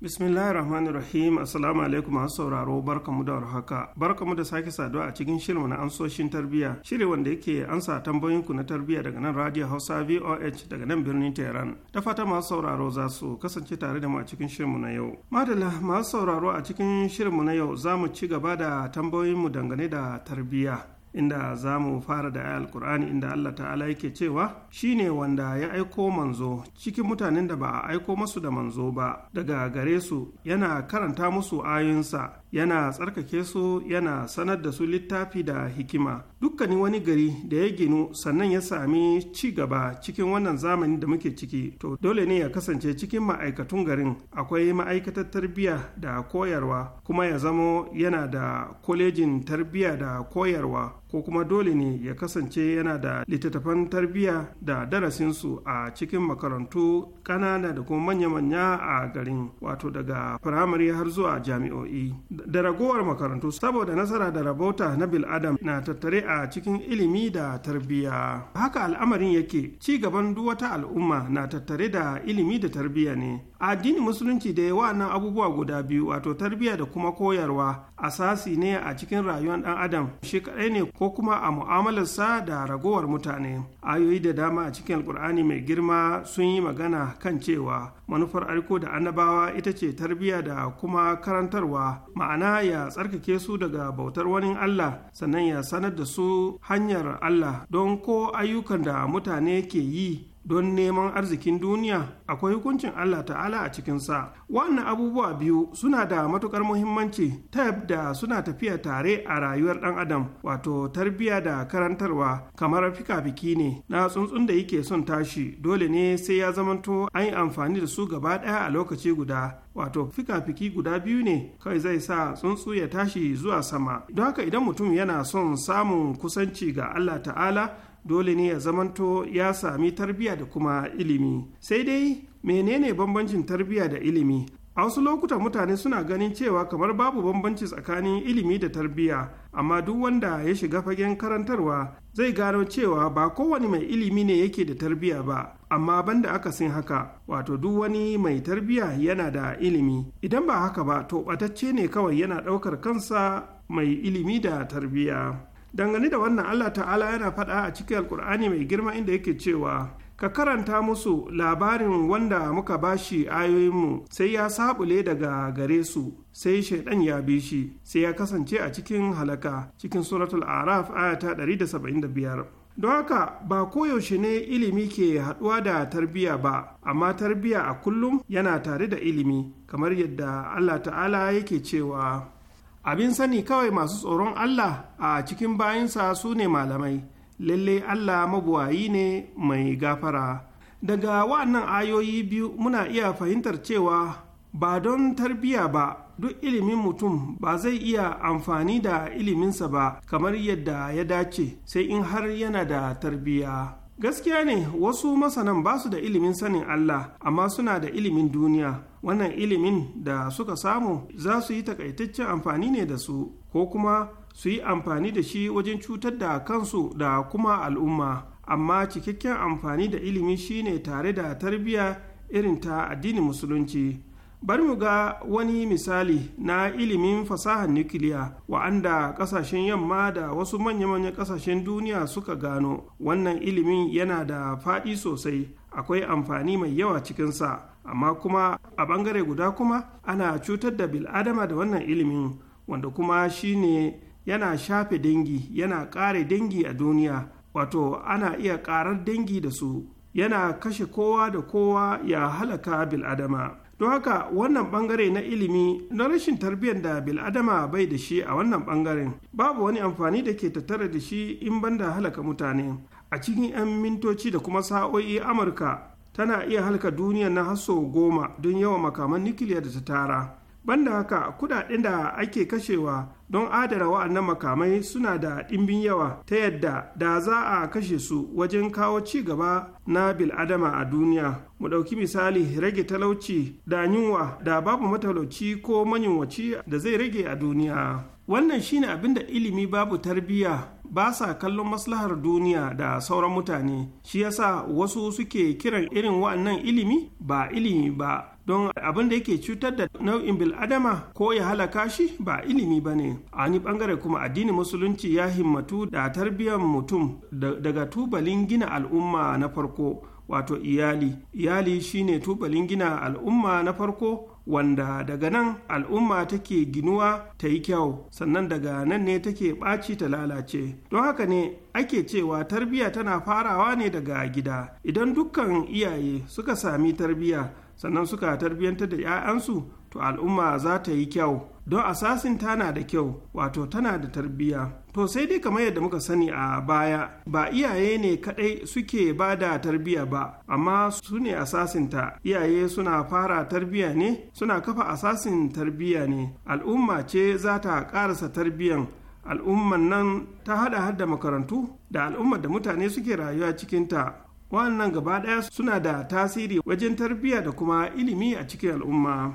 bismillahir rahmanir rahim assalamu alaikum masu sauraro barka mu da warhaka mu da sake saduwa a cikin shirin na ansoshin tarbiyya shiri wanda yake ansa tambayoyinku na tarbiyya daga nan radio hausa voh daga nan birnin tehran ta fata masu sauraro za su kasance tare da mu a cikin shirinmu na yau madalla masu sauraro a cikin shirinmu na yau za mu ci gaba da tambayoyin mu dangane da tarbiyya inda za mu fara da ayal qur'ani inda Allah ta'ala yake cewa Shi ne wanda ya aiko manzo cikin mutanen da ba a aiko masu da manzo ba daga gare su yana karanta musu ayinsa yana tsarkake su yana sanar da su littafi da hikima dukkanin wani gari da ya ginu sannan ya sami ci gaba cikin wannan zamani da muke ciki to dole ne ya kasance cikin ma'aikatun garin akwai ma'aikatar tarbiyya da koyarwa kuma ya zamo yana da kwalejin tarbiyya da koyarwa ko kuma dole ne ya kasance yana da littattafan tarbiyya da darasinsu a cikin makarantu kanana da kuma manya-manya a garin wato daga firamare har zuwa jami'o'i da ragowar makarantu saboda nasara da rabota na bil adam na tattare a cikin ilimi da tarbiyya haka al'amarin yake ci gaban duk wata al'umma na tattare da ilimi da tarbiyya ne addinin musulunci da yawa nan abubuwa guda biyu wato tarbiyya da kuma koyarwa asasi ne a cikin rayuwar dan adam shi kadai ne ko kuma a mu'amalarsa da ragowar mutane ayoyi da dama a cikin alkur'ani mai girma sun yi magana kan cewa manufar aiko da annabawa ita ce tarbiyya da kuma karantarwa ma'ana ya tsarkake su daga bautar wani Allah sannan ya sanar da su hanyar Allah don ko ayyukan da mutane ke yi don neman arzikin duniya akwai hukuncin Allah ta'ala a cikinsa wannan abubuwa biyu suna da matukar muhimmanci ta yadda suna tafiya tare a rayuwar ɗan adam wato tarbiyya da karantarwa kamar fika-fiki ne na tsuntsun da yake son tashi dole ne sai ya zamanto an yi amfani da su gaba ɗaya a lokaci guda wato fika-fiki guda biyu ne kawai zai sa tsuntsu ya tashi zuwa sama don haka idan mutum yana son samun kusanci ga Allah ta'ala dole ne ya zamanto ya sami tarbiyya da kuma ilimi sai dai menene bambancin tarbiyya da ilimi a wasu lokuta mutane suna ganin cewa kamar babu bambanci tsakanin ilimi da tarbiyya amma duk wanda ya shiga fagen karantarwa zai gano cewa ba kowane mai ilimi ne yake da tarbiyya ba amma banda aka sin haka wato duk wani mai tarbiyya yana da ilimi idan ba haka ba to batacce ne kawai yana ɗaukar kansa mai ilimi da tarbiyya dangane da wannan allah ta'ala yana faɗa a cikin alkur'ani mai girma inda yake cewa ka karanta musu labarin wanda muka bashi ayoyinmu sai ya sabule daga gare su sai shaidan ya bi shi sai ya kasance a cikin halaka cikin suratul araf aya ta 175 don haka ba koyaushe ne ilimi ke haɗuwa da tarbiyya ba amma tarbiyya a kullum yana tare da ilimi kamar yadda allah ta'ala yake cewa abin sani kawai masu tsoron Allah a cikin bayansa su ne malamai lalle Allah mabuwayi ne mai gafara daga wa'annan ayoyi biyu muna iya fahimtar cewa ba don tarbiyya ba duk ilimin mutum ba zai iya amfani da iliminsa ba kamar yadda ya dace sai in har yana da tarbiyya Gaskiya ne wasu masanan ba su da ilimin sanin Allah, amma suna da ilimin duniya. Wannan ilimin da suka samu za su yi takaitaccen amfani ne da su, ko kuma su yi amfani da shi wajen cutar da kansu da kuma al'umma. Amma cikakken amfani da ilimi shine tare da tarbiyya irin ta addinin musulunci. bari mu ga wani misali na ilimin fasahar nukiliya wa'anda kasashen yamma da wasu manya-manyan kasashen duniya suka gano wannan ilimin yana da faɗi sosai akwai amfani mai yawa cikinsa amma kuma a bangare guda kuma ana cutar da bil'adama da wannan ilimin wanda kuma shine yana shafe dangi yana ƙare dangi a duniya wato ana iya ƙarar dangi da su yana kashe kowa da kowa ya halaka bil'adama don haka wannan bangare na ilimi na rashin tarbiyyar da biladama bai da shi a wannan bangaren babu wani amfani da ke tattara da shi in banda halaka mutane a cikin 'yan mintoci da kuma sa'o'i amurka tana iya halka duniya na haso goma don yawan makaman nukiliya da ta tara banda haka kudaden da ake kashewa don adara wa'annan makamai suna da ɗimbin yawa ta yadda da za a kashe su wajen kawo ci gaba na bil'adama a duniya mu ɗauki misali rage talauci da yunwa da babu matalauci ko manyunwaci da zai rage a duniya wannan shine abin da ilimi babu tarbiyya ba sa kallon maslahar duniya da sauran mutane shi yasa wasu suke kiran irin wa'annan ilimi ba ilimi ba don abin da yake cutar da nau'in bil'adama ko ya halaka shi ba ilimi ba ne a wani bangare kuma addinin musulunci ya himmatu da tarbiyyar mutum daga tubalin gina al'umma na farko wato iyali iyali shine tubalin gina al'umma na farko wanda daga nan al'umma take ginuwa ta yi kyau sannan daga nan ne take ɓaci ta lalace don haka ne ake cewa tarbiyya tana farawa ne daga gida idan dukkan iyaye suka sami tarbiyya sannan suka tarbiyyantar da 'ya'yansu to al'umma za ta yi kyau don asasin tana da kyau wato tana da tarbiyya to sai dai kamar yadda muka sani a baya ba iyaye ne kadai suke ba da tarbiyya ba amma su ne asasinta iyaye suna fara tarbiyya ne suna kafa asasin tarbiyya ne al'umma ce za ta karasa tarbiyyan al'umman nan ta hada da makarantu da al'ummar da mutane suke rayuwa cikinta wannan gaba ɗaya suna da tasiri wajen tarbiyya da kuma ilimi a cikin al'umma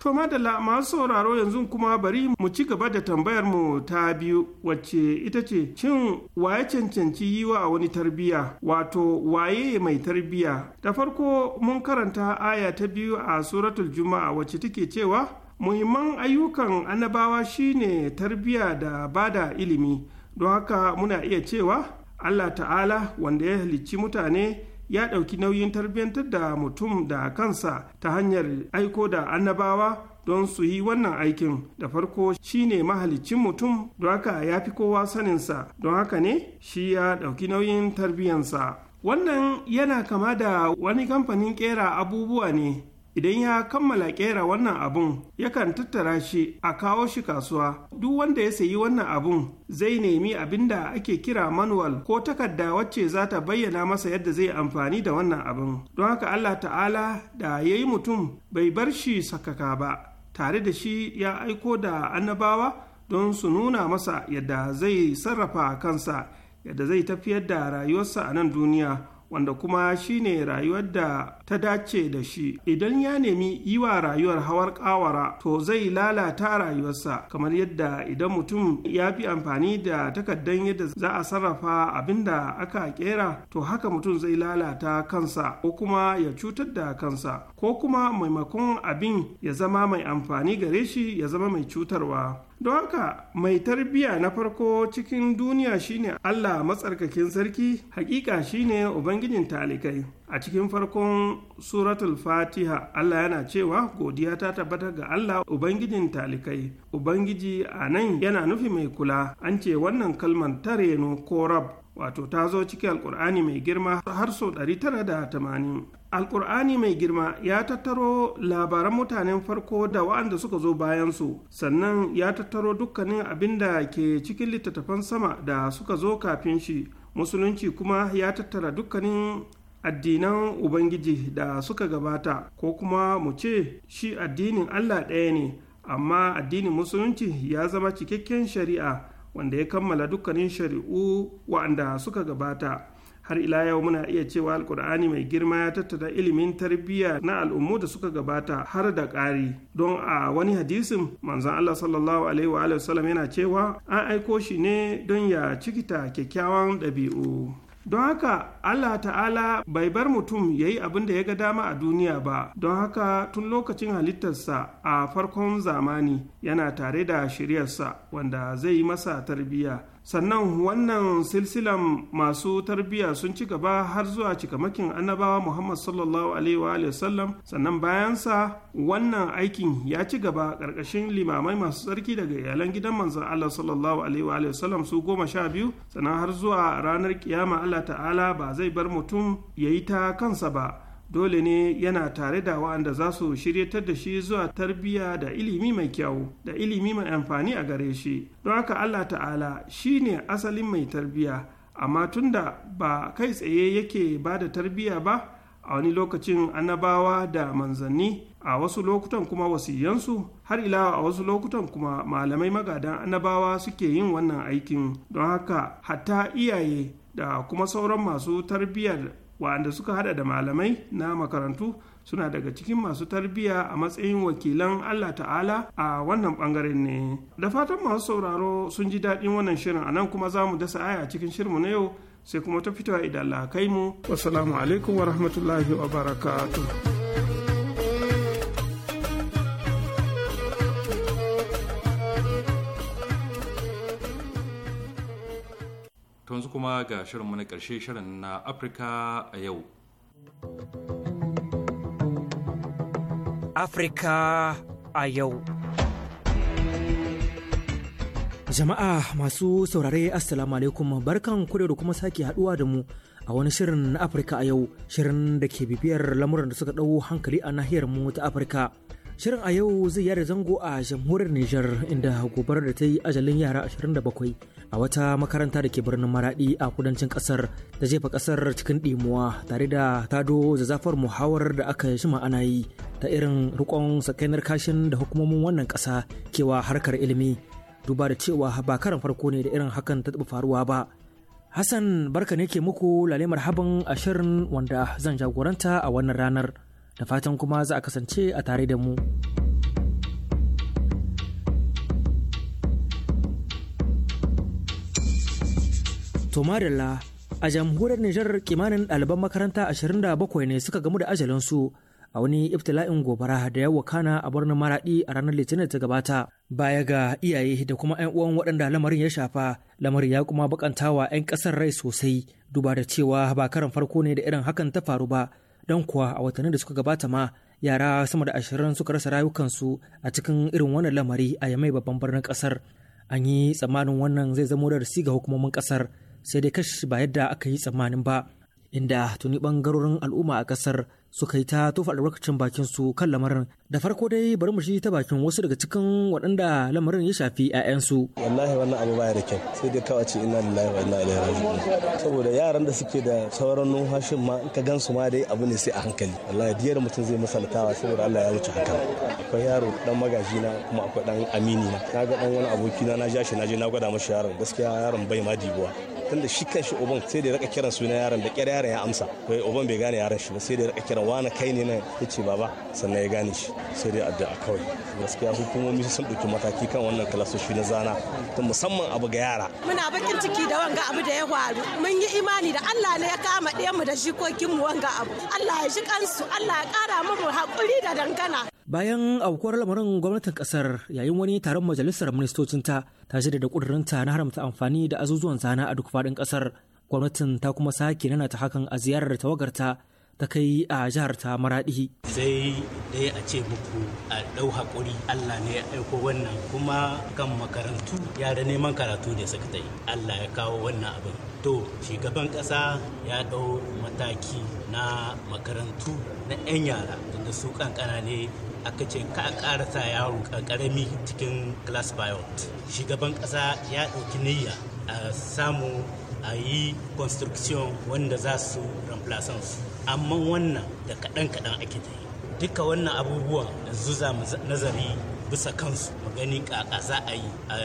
To madalla masu sauraro yanzu kuma bari mu ci gaba da tambayarmu ta biyu wacce ita ce shin waye cancanci yi wa wani tarbiya wato waye mai tarbiya da farko mun karanta aya ta biyu a suratul juma'a wacce take cewa muhimman ayyukan annabawa shine tarbiyya da bada ilimi don haka muna iya cewa allah ta'ala wanda ya halicci mutane ya ɗauki nauyin tarbiyyantar da mutum da kansa ta hanyar aiko da annabawa don su yi wannan aikin da farko shine mahaliccin mutum don haka ya fi kowa saninsa don haka ne shi ya ɗauki nauyin tarbiyyansa wannan yana kama da wani kamfanin ƙera abubuwa ne idan ya kammala kera wannan abun yakan tattara shi a kawo shi kasuwa duk wanda ya sayi wannan abun zai nemi abin da ake kira manual ko takarda wacce za ta bayyana masa yadda zai amfani da wannan abin don haka allah ta'ala da ya yi mutum bai bar shi sakaka ba tare da shi ya aiko da annabawa don su nuna masa yadda zai sarrafa kansa yadda zai tafiyar da rayuwarsa a nan duniya wanda kuma shi ne rayuwar da ta dace da shi idan ya nemi yi wa rayuwar hawar kawara to zai lalata rayuwarsa kamar yadda idan mutum ya fi amfani da takardan yadda za a sarrafa abin da aka kera to haka mutum zai lalata kansa ko kuma ya cutar da kansa ko kuma maimakon abin ya zama mai amfani gare shi ya zama mai cutarwa don haka mai tarbiya na farko cikin duniya shine allah matsarkakin sarki hakika shine ubangijin talikai a cikin farkon suratul fatiha allah yana cewa godiya ta tabbatar ga allah ubangijin talikai ubangiji a nan yana nufi mai kula an ce wannan kalmar tareno ko rab wato ta zo cikin alkur'ani mai girma har sau 980 alkur'ani mai girma ya tattaro labaran mutanen farko da waɗanda suka zo bayansu sannan ya tattaro dukkanin abin da ke cikin littattafan sama da suka zo kafin shi musulunci kuma ya tattara dukkanin addinan ubangiji da suka gabata ko kuma mu ce shi addinin allah ɗaya ne amma addinin musulunci ya zama cikakken shari'a wanda ya kammala dukkanin shari'u wa'anda suka gabata har ila yau muna iya cewa alkur'ani mai girma ya tattara ilimin tarbiyya na al'ummu da suka gabata har da ƙari don a wani hadisin manzon Allah sallallahu alaihi wa yana cewa an aiko shi ne don ya cikita kyakkyawan ɗabi'u don haka Allah ta'ala bai bar mutum ya yi abin da ya ga dama a duniya ba don haka tun lokacin halittarsa a farkon zamani yana tare da shiryarsa wanda zai yi masa tarbiyya sannan wannan silsilan masu tarbiyya sun ci gaba har zuwa cikamakin annabawa muhammad sallallahu alaihi wa sallam sannan bayansa wannan aikin ya ci gaba ƙarƙashin limamai masu tsarki daga iyalan gidan manzon allah sallallahu alaihi wa sallam su goma sha biyu sannan har zuwa ranar kiyama allah ta'ala ba zai bar mutum ya yi ta kansa ba dole ne yana tare da wa'anda za su shiryatar da shi zuwa tarbiyya da ilimi mai kyau da ilimi mai amfani a gare shi don haka allah ta'ala shi ne asalin mai tarbiyya amma tunda ba kai tsaye yake ba da tarbiyya ba a wani lokacin annabawa da manzanni a wasu lokutan kuma wasiyansu har ila a wasu lokutan kuma malamai magadan annabawa suke yin wannan aikin don haka hatta iyaye da kuma sauran masu tarbiyyar waɗanda suka hada da malamai na makarantu suna daga cikin masu tarbiyya a matsayin wakilan Allah ta'ala a wannan ɓangaren ne da fatan masu sauraro sun ji daɗin wannan shirin a nan kuma za mu dasa aya cikin shirinmu na yau sai kuma ta fitowa idan Allah kai mu wasu alaikum wa rahmatullahi wa barakatuh yanzu kuma ga shirinmu na ƙarshe shirin na afirka a yau afirka a yau jama'a masu saurare assalamu alaikum barkan ku da kuma sake haduwa da mu a wani shirin na afirka a yau shirin da ke bibiyar lamuran da suka ɗau hankali a nahiyar mu ta afirka Shirin a yau zai yada zango a jamhuriyar Nijar inda gobarar da ta yi ajalin yara 27 a wata makaranta da ke birnin Maradi a kudancin kasar ta jefa kasar cikin ɗimuwa tare da tado zafar muhawarar da aka shima ana yi ta irin rikon sakainar kashin da hukumomin wannan ƙasa kewa harkar ilimi duba da cewa ba karan farko ne da irin hakan ta taɓa faruwa ba. Hassan barka ne ke muku lalemar haban ashirin wanda zan jagoranta a wannan ranar. da fatan kuma za a kasance a tare da mu. Tomarilla a jamhuriyar Nijar kimanin ɗaliban makaranta 27 ne suka gamu da ajalinsu a wani iftila'in gobara da yawa kana a birnin Maraɗi a ranar Litinin ta gabata. Baya ga iyaye da kuma 'yan uwan waɗanda lamarin ya shafa, lamarin ya kuma bakantawa 'yan ƙasar rai sosai duba da cewa ba karan farko ne da irin hakan ta faru ba. don kuwa a watannin da suka gabata ma yara sama da ashirin suka rasa rayukansu a cikin irin wannan lamari a yamai babban birnin kasar an yi tsammanin wannan zai zamo darasi ga hukumomin kasar sai dai kashi ba yadda aka yi tsammanin ba inda tuni bangarorin al'umma a kasar suka yi ta tofa albarkacin bakin su kan lamarin da farko dai bari mu shi ta bakin wasu daga cikin waɗanda lamarin ya shafi 'ya'yansu. wallahi wannan abu baya da kyau sai dai kawai ce ina lillahi wa inna ilaihi raji'un saboda yaran da suke da sauran numfashin ma in ka gansu ma dai abu ne sai a hankali wallahi diyar mutum zai misaltawa saboda Allah ya wuce haka akwai yaro dan magaji na kuma akwai dan amini na kaga dan wani aboki na na jashi na je na gwada masa yaron gaskiya yaron bai ma dibuwa tunda shi kanshi uban sai da ya raka kiran sunan yaron da kyar yaron ya amsa kai uban bai gane yaron shi ba sai da ya raka kiran wani kai ne nan ya ce baba sannan ya gane shi sai dai addu'a kawai gaskiya hukumomi sun ɗauki mataki kan wannan kalasoshi na zana ta musamman abu ga yara muna bakin ciki da wanga abu da ya faru mun yi imani da Allah ne ya kama ɗaya mu da shikokin mu wanga abu Allah ya shi kansu Allah ya kara mu hakuri da dangana bayan aukuwar lamarin gwamnatin kasar yayin wani taron majalisar ministocin ta ta shirya da kudurinta na haramta amfani da azuzuwan zana a duk faɗin kasar gwamnatin ta kuma sake nana ta hakan a ziyarar tawagarta ta kai a jihar ta maradi zai dai a ce muku a ɗau haƙuri allah ne ya aiko wannan kuma kan makarantu yara neman karatu ne suka yi allah ya kawo wannan abin to shugaban ƙasa ya ɗau mataki na makarantu na 'yan yara da su kankana ne aka ce ka karasa yaro karami cikin class pilot shugaban ƙasa ya ɗauki niyya a samu a yi construction wanda za su ramplasansu. amma wannan da kaɗan-kaɗan ake ta yi duka wannan abubuwan yanzu za nazari bisa kansu mu ƙaƙa za a yi a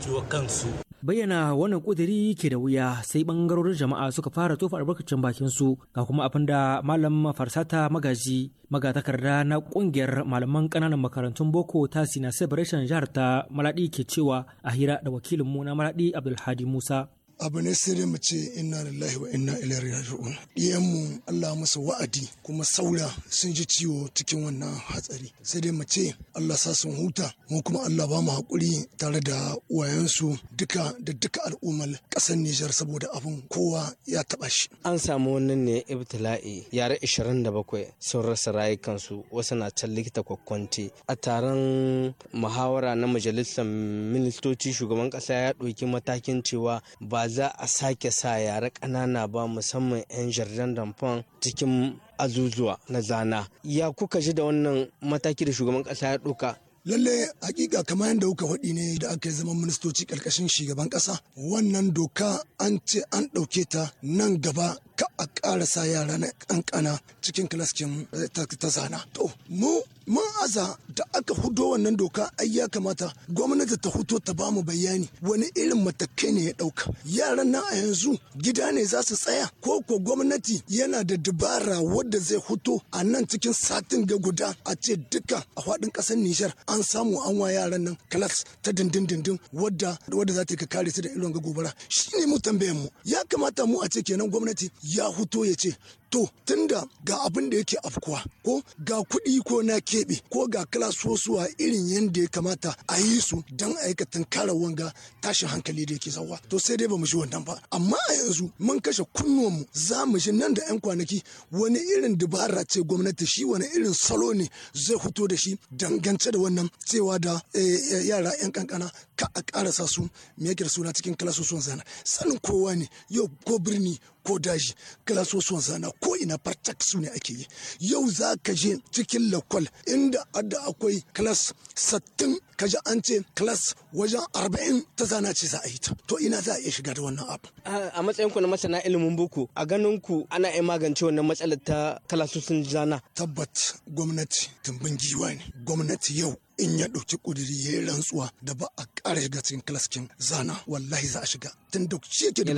ciwo kansu bayyana wannan ƙudiri ke da wuya sai ɓangarorin jama'a suka fara tofa albarkacin bakin su ga kuma abin da malam farsata magaji magatakarda na ƙungiyar malaman Ƙananan makarantun boko ta sina celebration jihar ta maladi ke cewa a hira da wakilin mu na maladi abdulhadi musa abu ne sai dai mu ce inna lillahi wa inna ilaihi raji'un diyanmu Allah masa wa'adi kuma saura sun ji ciwo cikin wannan hatsari sai dai mu ce Allah sa sun huta mu kuma Allah ba mu hakuri tare da uwayensu duka da duka al'ummar ƙasar Nijar saboda abun kowa ya taba shi an samu wannan ne ibtila'i yare 27 sun rasa rayukansu wasu na can likita kwakwanci a taron muhawara na majalisar ministoci shugaban ƙasa ya ɗauki matakin cewa ba za a sake sa yare ƙanana ba musamman 'yan jardin damfan cikin azuzuwa na zana ya kuka ji da wannan mataki da shugaban ƙasa ya ɗauka lalle hakika kamar yadda kuka faɗi ne da aka yi zaman ministoci ƙarƙashin shugaban ƙasa wannan doka an ce an ɗauke ta nan gaba ka a ƙarasa yara na ƙanƙana cikin kilaskin eh, ta zana. To, mu mun aza da aka hudo wannan doka ai ya kamata gwamnati ta huto ta bamu bayani wani irin matakai ne ya ɗauka. yaran na a yanzu gida ne za su tsaya ko ko gwamnati yana da dabara wadda zai huto a nan cikin satin ga guda a ce duka a faɗin ƙasar Nijar an samu an wa yaran nan kilas ta dindin dindin wadda wadda za ta kare su da irin ga gobara ne mu tambayar mu ya kamata mu a ce kenan gwamnati ya fito ya ce to tunda ga abin da yake afkuwa ko ga kuɗi ko na keɓe ko ga kilasuwasuwa irin yadda ya kamata a yi su don aikatan kara wanga tashin hankali da yake zawa to sai dai ba mu shi wannan ba amma a yanzu mun kashe kunnuwanmu za mu shi nan da 'yan kwanaki wani irin dabara ce gwamnati shi wani irin salo ne zai fito da shi dangance da wannan cewa da eh, eh, yara 'yan kankana ka a karasa su me yake suna cikin kilasusuwan zana sanin kowa ne yau ko birni ko daji kilasusuwan zana ko ina fartak su ne ake yi yau za ka je cikin lakwal inda adda akwai klas sittin. kaji an ce class wajen arba'in ta zana ce za a yi ta to ina za a iya shiga da wannan abu. a matsayin ku na masana ilimin boko a ganin ku ana iya magance wannan matsalar ta kalasusun zana. tabbat gwamnati tumbin giwa ne gwamnati yau in ya ɗauki ƙudiri ya yi rantsuwa da ba a ƙara shiga cikin kilaskin zana wallahi za a shiga tun da shi yake da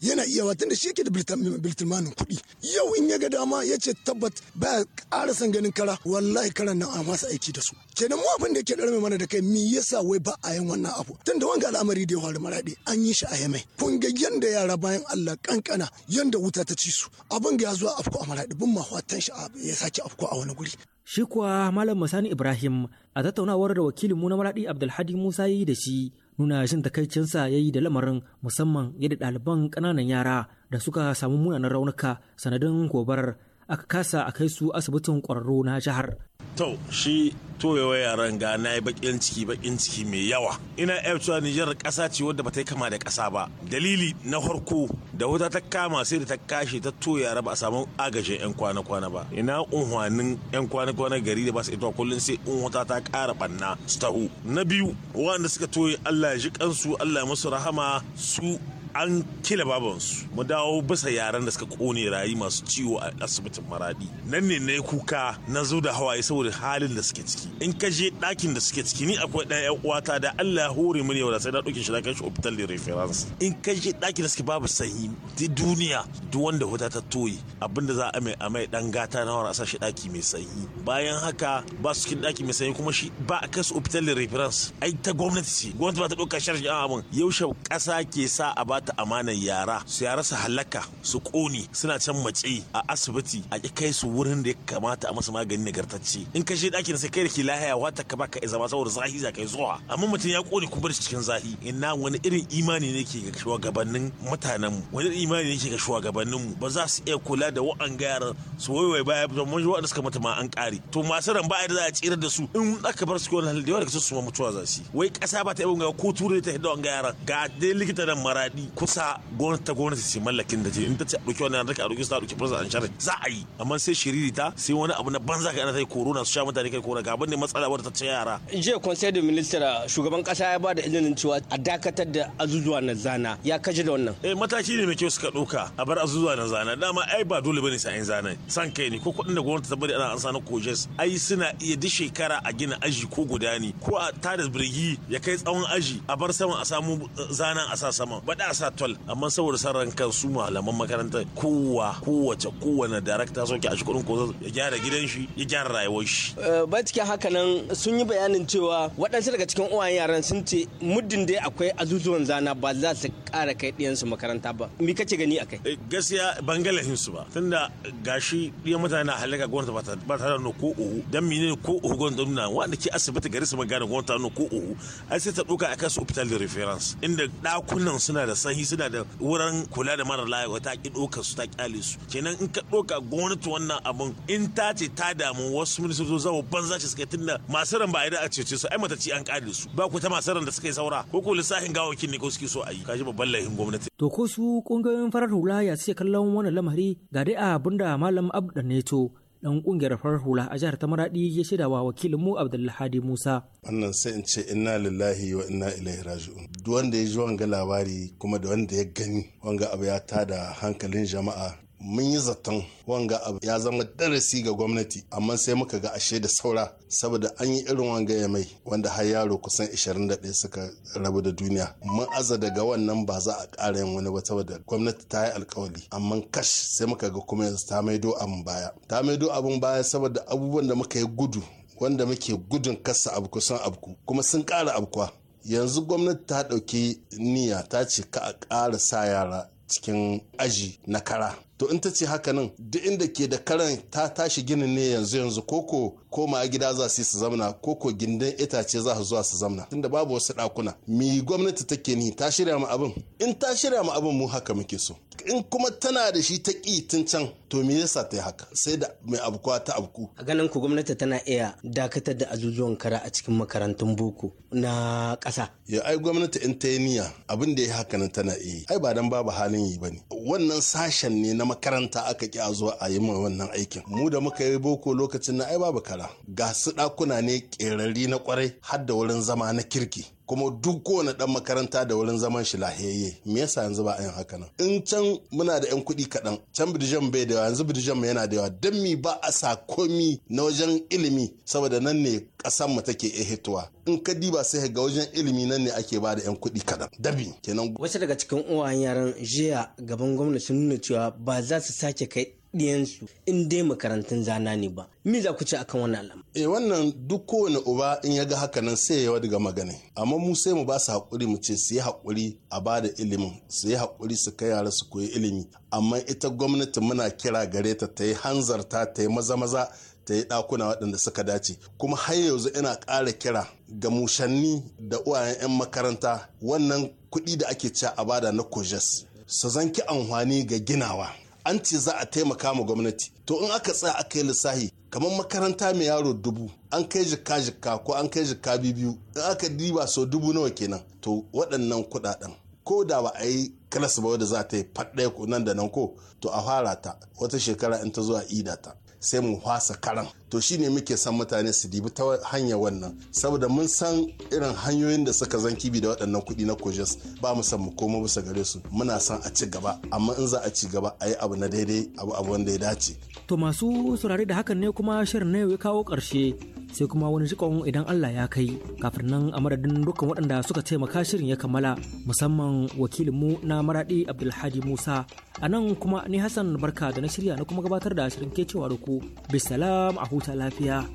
yana iyawa tun da shi yake da biltimanin kuɗi yau in ya ga dama ya ce tabbat ba a ƙara san ganin kara wallahi karan nan a masa aiki da su kenan mu abin da yake ɗarme mana da kai tambaya me yasa wai ba a yin wannan abu tunda wanga al'amari da ya faru maraɗi an yi shi a yamai kun ga yanda yara bayan Allah kankana yanda wuta ta ci su abin ga ya zuwa afko a maraɗi bin ma fatan shi ya sake afko a wani guri shi kuwa malam masani ibrahim a tattaunawar da wakilin mu na maraɗi abdulhadi musa ya yi da shi nuna jin takaicinsa ya yi da lamarin musamman yadda ɗaliban ƙananan yara da suka samu munanan raunuka sanadin gobarar aka kasa a kai su asibitin kwararro na jihar. To shi toyewa yaran ga na yi bakin ciki bakin ciki mai yawa. Ina cewa Nijar ƙasa ce wadda ba ta yi kama da ƙasa ba. Dalili na farko da wuta ta kama sai da ta kashe ta toya yara ba a samu agajin 'yan kwana-kwana ba. Ina unhwanin 'yan kwana-kwana gari da ba su ita kullum sai in ta ƙara ɓanna su tahu. Na biyu waɗanda suka toye Allah ya ji kansu Allah ya musu rahama su an kila babansu mu dawo bisa yaran da suka kone rayu masu ciwo a asibitin maradi nan ne na kuka na zo da hawaye saboda halin da suke ciki in ka je ɗakin da suke ciki ni akwai ɗan yan uwata da Allah ya hore mini yau da sai na ɗauke shi na kai shi hospital da reference in ka je ɗakin da suke babu sanyi ta duniya duk wanda huta ta toyi abinda za a mai a mai dan gata na wara a shi ɗaki mai sanyi bayan haka ba su cikin ɗaki mai sanyi kuma shi ba a kai su hospital da reference ai ta gwamnati ce gwamnati ba ta ɗauka sharshi abin yaushe ƙasa ke sa a ba bata amanan yara su yara su halaka su ƙone suna can mace a asibiti a ƙi kai su wurin da ya kamata a masa magani nagartacce in ka je ɗakin sai kai da ke lahaya wata ka baka zama saboda zahi za yi zuwa amma mutum ya ƙone kuma cikin zahi ina wani irin imani ne ke ga shugabannin mutanen mu wani irin imani ne ke ga shugabannin mu ba za su iya kula da wa'an gayar su wai baya ba mun wa'anda suka mutu ma an ƙare to masu ran ba da za a tsira da su in aka bar su kiwon halin da yawa da su ma mutuwa za su wai ƙasa ba ta yi ga kotu turai ta hidda wa'an gayar ga dai likita nan maraɗi kusa gwamnati ta gwamnati ce mallakin da ce in ta ce a ɗauki wannan ranka a ɗauki su ta ɗauki fursa an share za a yi amma sai shiriri ta sai wani abu na banza ka ana ta yi korona su sha mutane kai korona gaban ne matsala wadda ta ce yara. jiya conseil de ministre shugaban kasa ya ba da izinin cewa a dakatar da azuzuwa na zana ya kaji da wannan. eh mataki ne mai kyau suka ɗauka a bar azuzuwa na zana dama ai ba dole bane sai an zana san kai ne ko kuɗin da gwamnati ta bari ana an sanar kojes ai suna iya duk shekara a gina aji ko guda ne ko a tada birgi ya kai tsawon aji a bar saman a samu eh, zanen a sa sama ba da sa tol amma saboda san ran kan su malaman makarantar kowa kowace kowane darakta soke a shukurin ko ya gyara gidan shi ya gyara rayuwar shi eh, ba cikin haka nan sun yi bayanin cewa waɗansu daga cikin uwayen yaran sun ce muddin dai akwai azuzuwan zana ba za su ƙara kai ɗiyansu makaranta ba me kake gani a kai eh, gaskiya ban su ba tunda gashi ɗiyan mutane na halaka gwamnati ba ta da ko uhu dan mene ko uhu gwamnati nuna wanda ke asibiti gari su magana gwamnati ko uhu ai sai ta ɗauka a kansu hospital de reference inda ɗakunan suna da sahi suna da wurin kula da mara lafiya ta ki ɗoka su ta kyale su kenan in ka ɗoka gwamnati wannan abun in ta ce ta damu wasu ministoci zama banza ce suka tunda masu ran ba a da a cece su ai mata ci an kyale su ba ku ta masu ran da suka yi saura ko ko lissafin gawakin ne ko suke so a yi kaji babban lahin gwamnati. to ko su kungiyoyin farar hula ya suke kallon wannan lamari ga dai abin da malam abdu neto dan kungiyar farar hula a jihar ta ya shaida wa wakilin mu abdullahi musa wannan sai in ce inna lillahi wa inna ilaihi raji'un duk wanda ya ji wanga labari kuma da wanda ya gani wanga abu ya tada hankalin jama'a mun yi zaton wanga abu ya zama darasi ga gwamnati amma sai muka ga ashe da saura saboda an yi irin wanga ya mai wanda har yaro kusan 21 suka rabu da duniya mun aza daga wannan ba za a ƙara yin wani ba saboda gwamnati ta yi alkawali amma kash sai muka ga kuma yanzu ta maido abin baya ta maido abin baya saboda abubuwan da muka yi gudu wanda muke gudun kasa abu kusan abu kuma sun ƙara abkuwa yanzu gwamnati ta ɗauki niyya ta ce ka a ƙara sa yara cikin aji na kara to in ta ce haka nan duk inda ke da karan ta tashi ginin ne yanzu yanzu koko koma gida za su yi su zamna koko gindin itace za su zuwa su zamna tunda babu wasu dakuna. mi gwamnati take ni ta shirya mu abin in ta shirya mu abin mu haka muke so in kuma tana da shi ta ki tun can to me yasa ta yi haka sai da mai abkuwa ta abku a ganin ku gwamnati tana iya dakatar da ajujuwan kara a cikin makarantun boko na ƙasa ya ai gwamnati in ta yi niyya abin da ya haka nan tana iya ai ba dan babu halin yi bane wannan sashen ne na makaranta aka ki a zo a yi ma wannan aikin mu da muka yi boko lokacin na ai babu kara ga su ɗakuna ne ƙerari na kwarai har da wurin zama na kirki kuma duk kowane dan makaranta da wurin zaman shi lahiyayye me yasa yanzu ba a yin haka nan in can muna da yan kuɗi kaɗan can bidijan bai da yawa yanzu bidijan mu yana da yawa don mi ba a sa komi na wajen ilimi saboda nan ne ƙasar mu take ehituwa in ka diba sai ga wajen ilimi nan ne ake ba da yan kuɗi kaɗan dabi kenan wasu daga cikin uwayen yaran jiya gaban gwamnati sun nuna cewa ba za su sake kai ɗiyansu in dai makarantun zana ne ba mi za ku ci akan wannan alama. eh wannan duk kowane uba in ya ga haka nan sai ya daga magani. amma mu sai mu ba su hakuri mu ce su yi hakuri a ba da ilimin su yi hakuri su kai yara su koyi ilimi amma ita gwamnati muna kira gare ta ta yi hanzarta ta yi maza maza ta yi ɗakuna waɗanda suka dace kuma har yanzu ina ƙara kira ga mushanni da uwayen 'yan makaranta wannan kuɗi da ake ci a bada na kojas su zanki amfani ga ginawa an ce za a taimaka ma gwamnati to in aka tsaya aka yi lissahi kamar makaranta mai yaro dubu an kai jikka jikka ko an kai jikka biyu in aka diba sau dubu nawa kenan to waɗannan kuɗaɗen ko da ba a yi kalas ba wadda za ta yi ko nan da nan ko to a fara ta wata shekara in ta zuwa a ida ta sai mu fasa karan to shine muke san mutane su dibi ta hanya wannan saboda mun san irin hanyoyin da suka zan kibi da waɗannan kuɗi na kojes ba mu san mu koma bisa gare su muna son a ci gaba amma in za a ci gaba a yi abu na daidai abu abu wanda ya dace to masu saurare da hakan ne kuma shirin na yau ya kawo ƙarshe sai kuma wani jikon idan Allah ya kai kafin nan a madadin dukkan waɗanda suka taimaka shirin ya kammala musamman wakilinmu na maradi abdulhadi Musa a nan kuma ni Hassan Barka da na shirya na kuma gabatar da shirin ke cewa da ku bisalam a huta lafiya.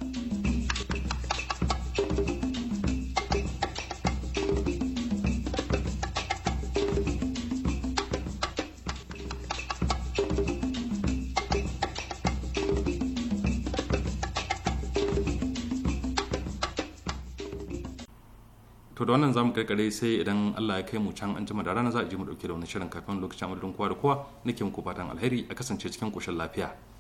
da wannan zamu karkare sai idan Allah ya kai mu can an jima da rana za a je mu dauke da wani shirin kafin lokacin amurin kowa da kowa nake muku fatan alheri a kasance cikin koshin lafiya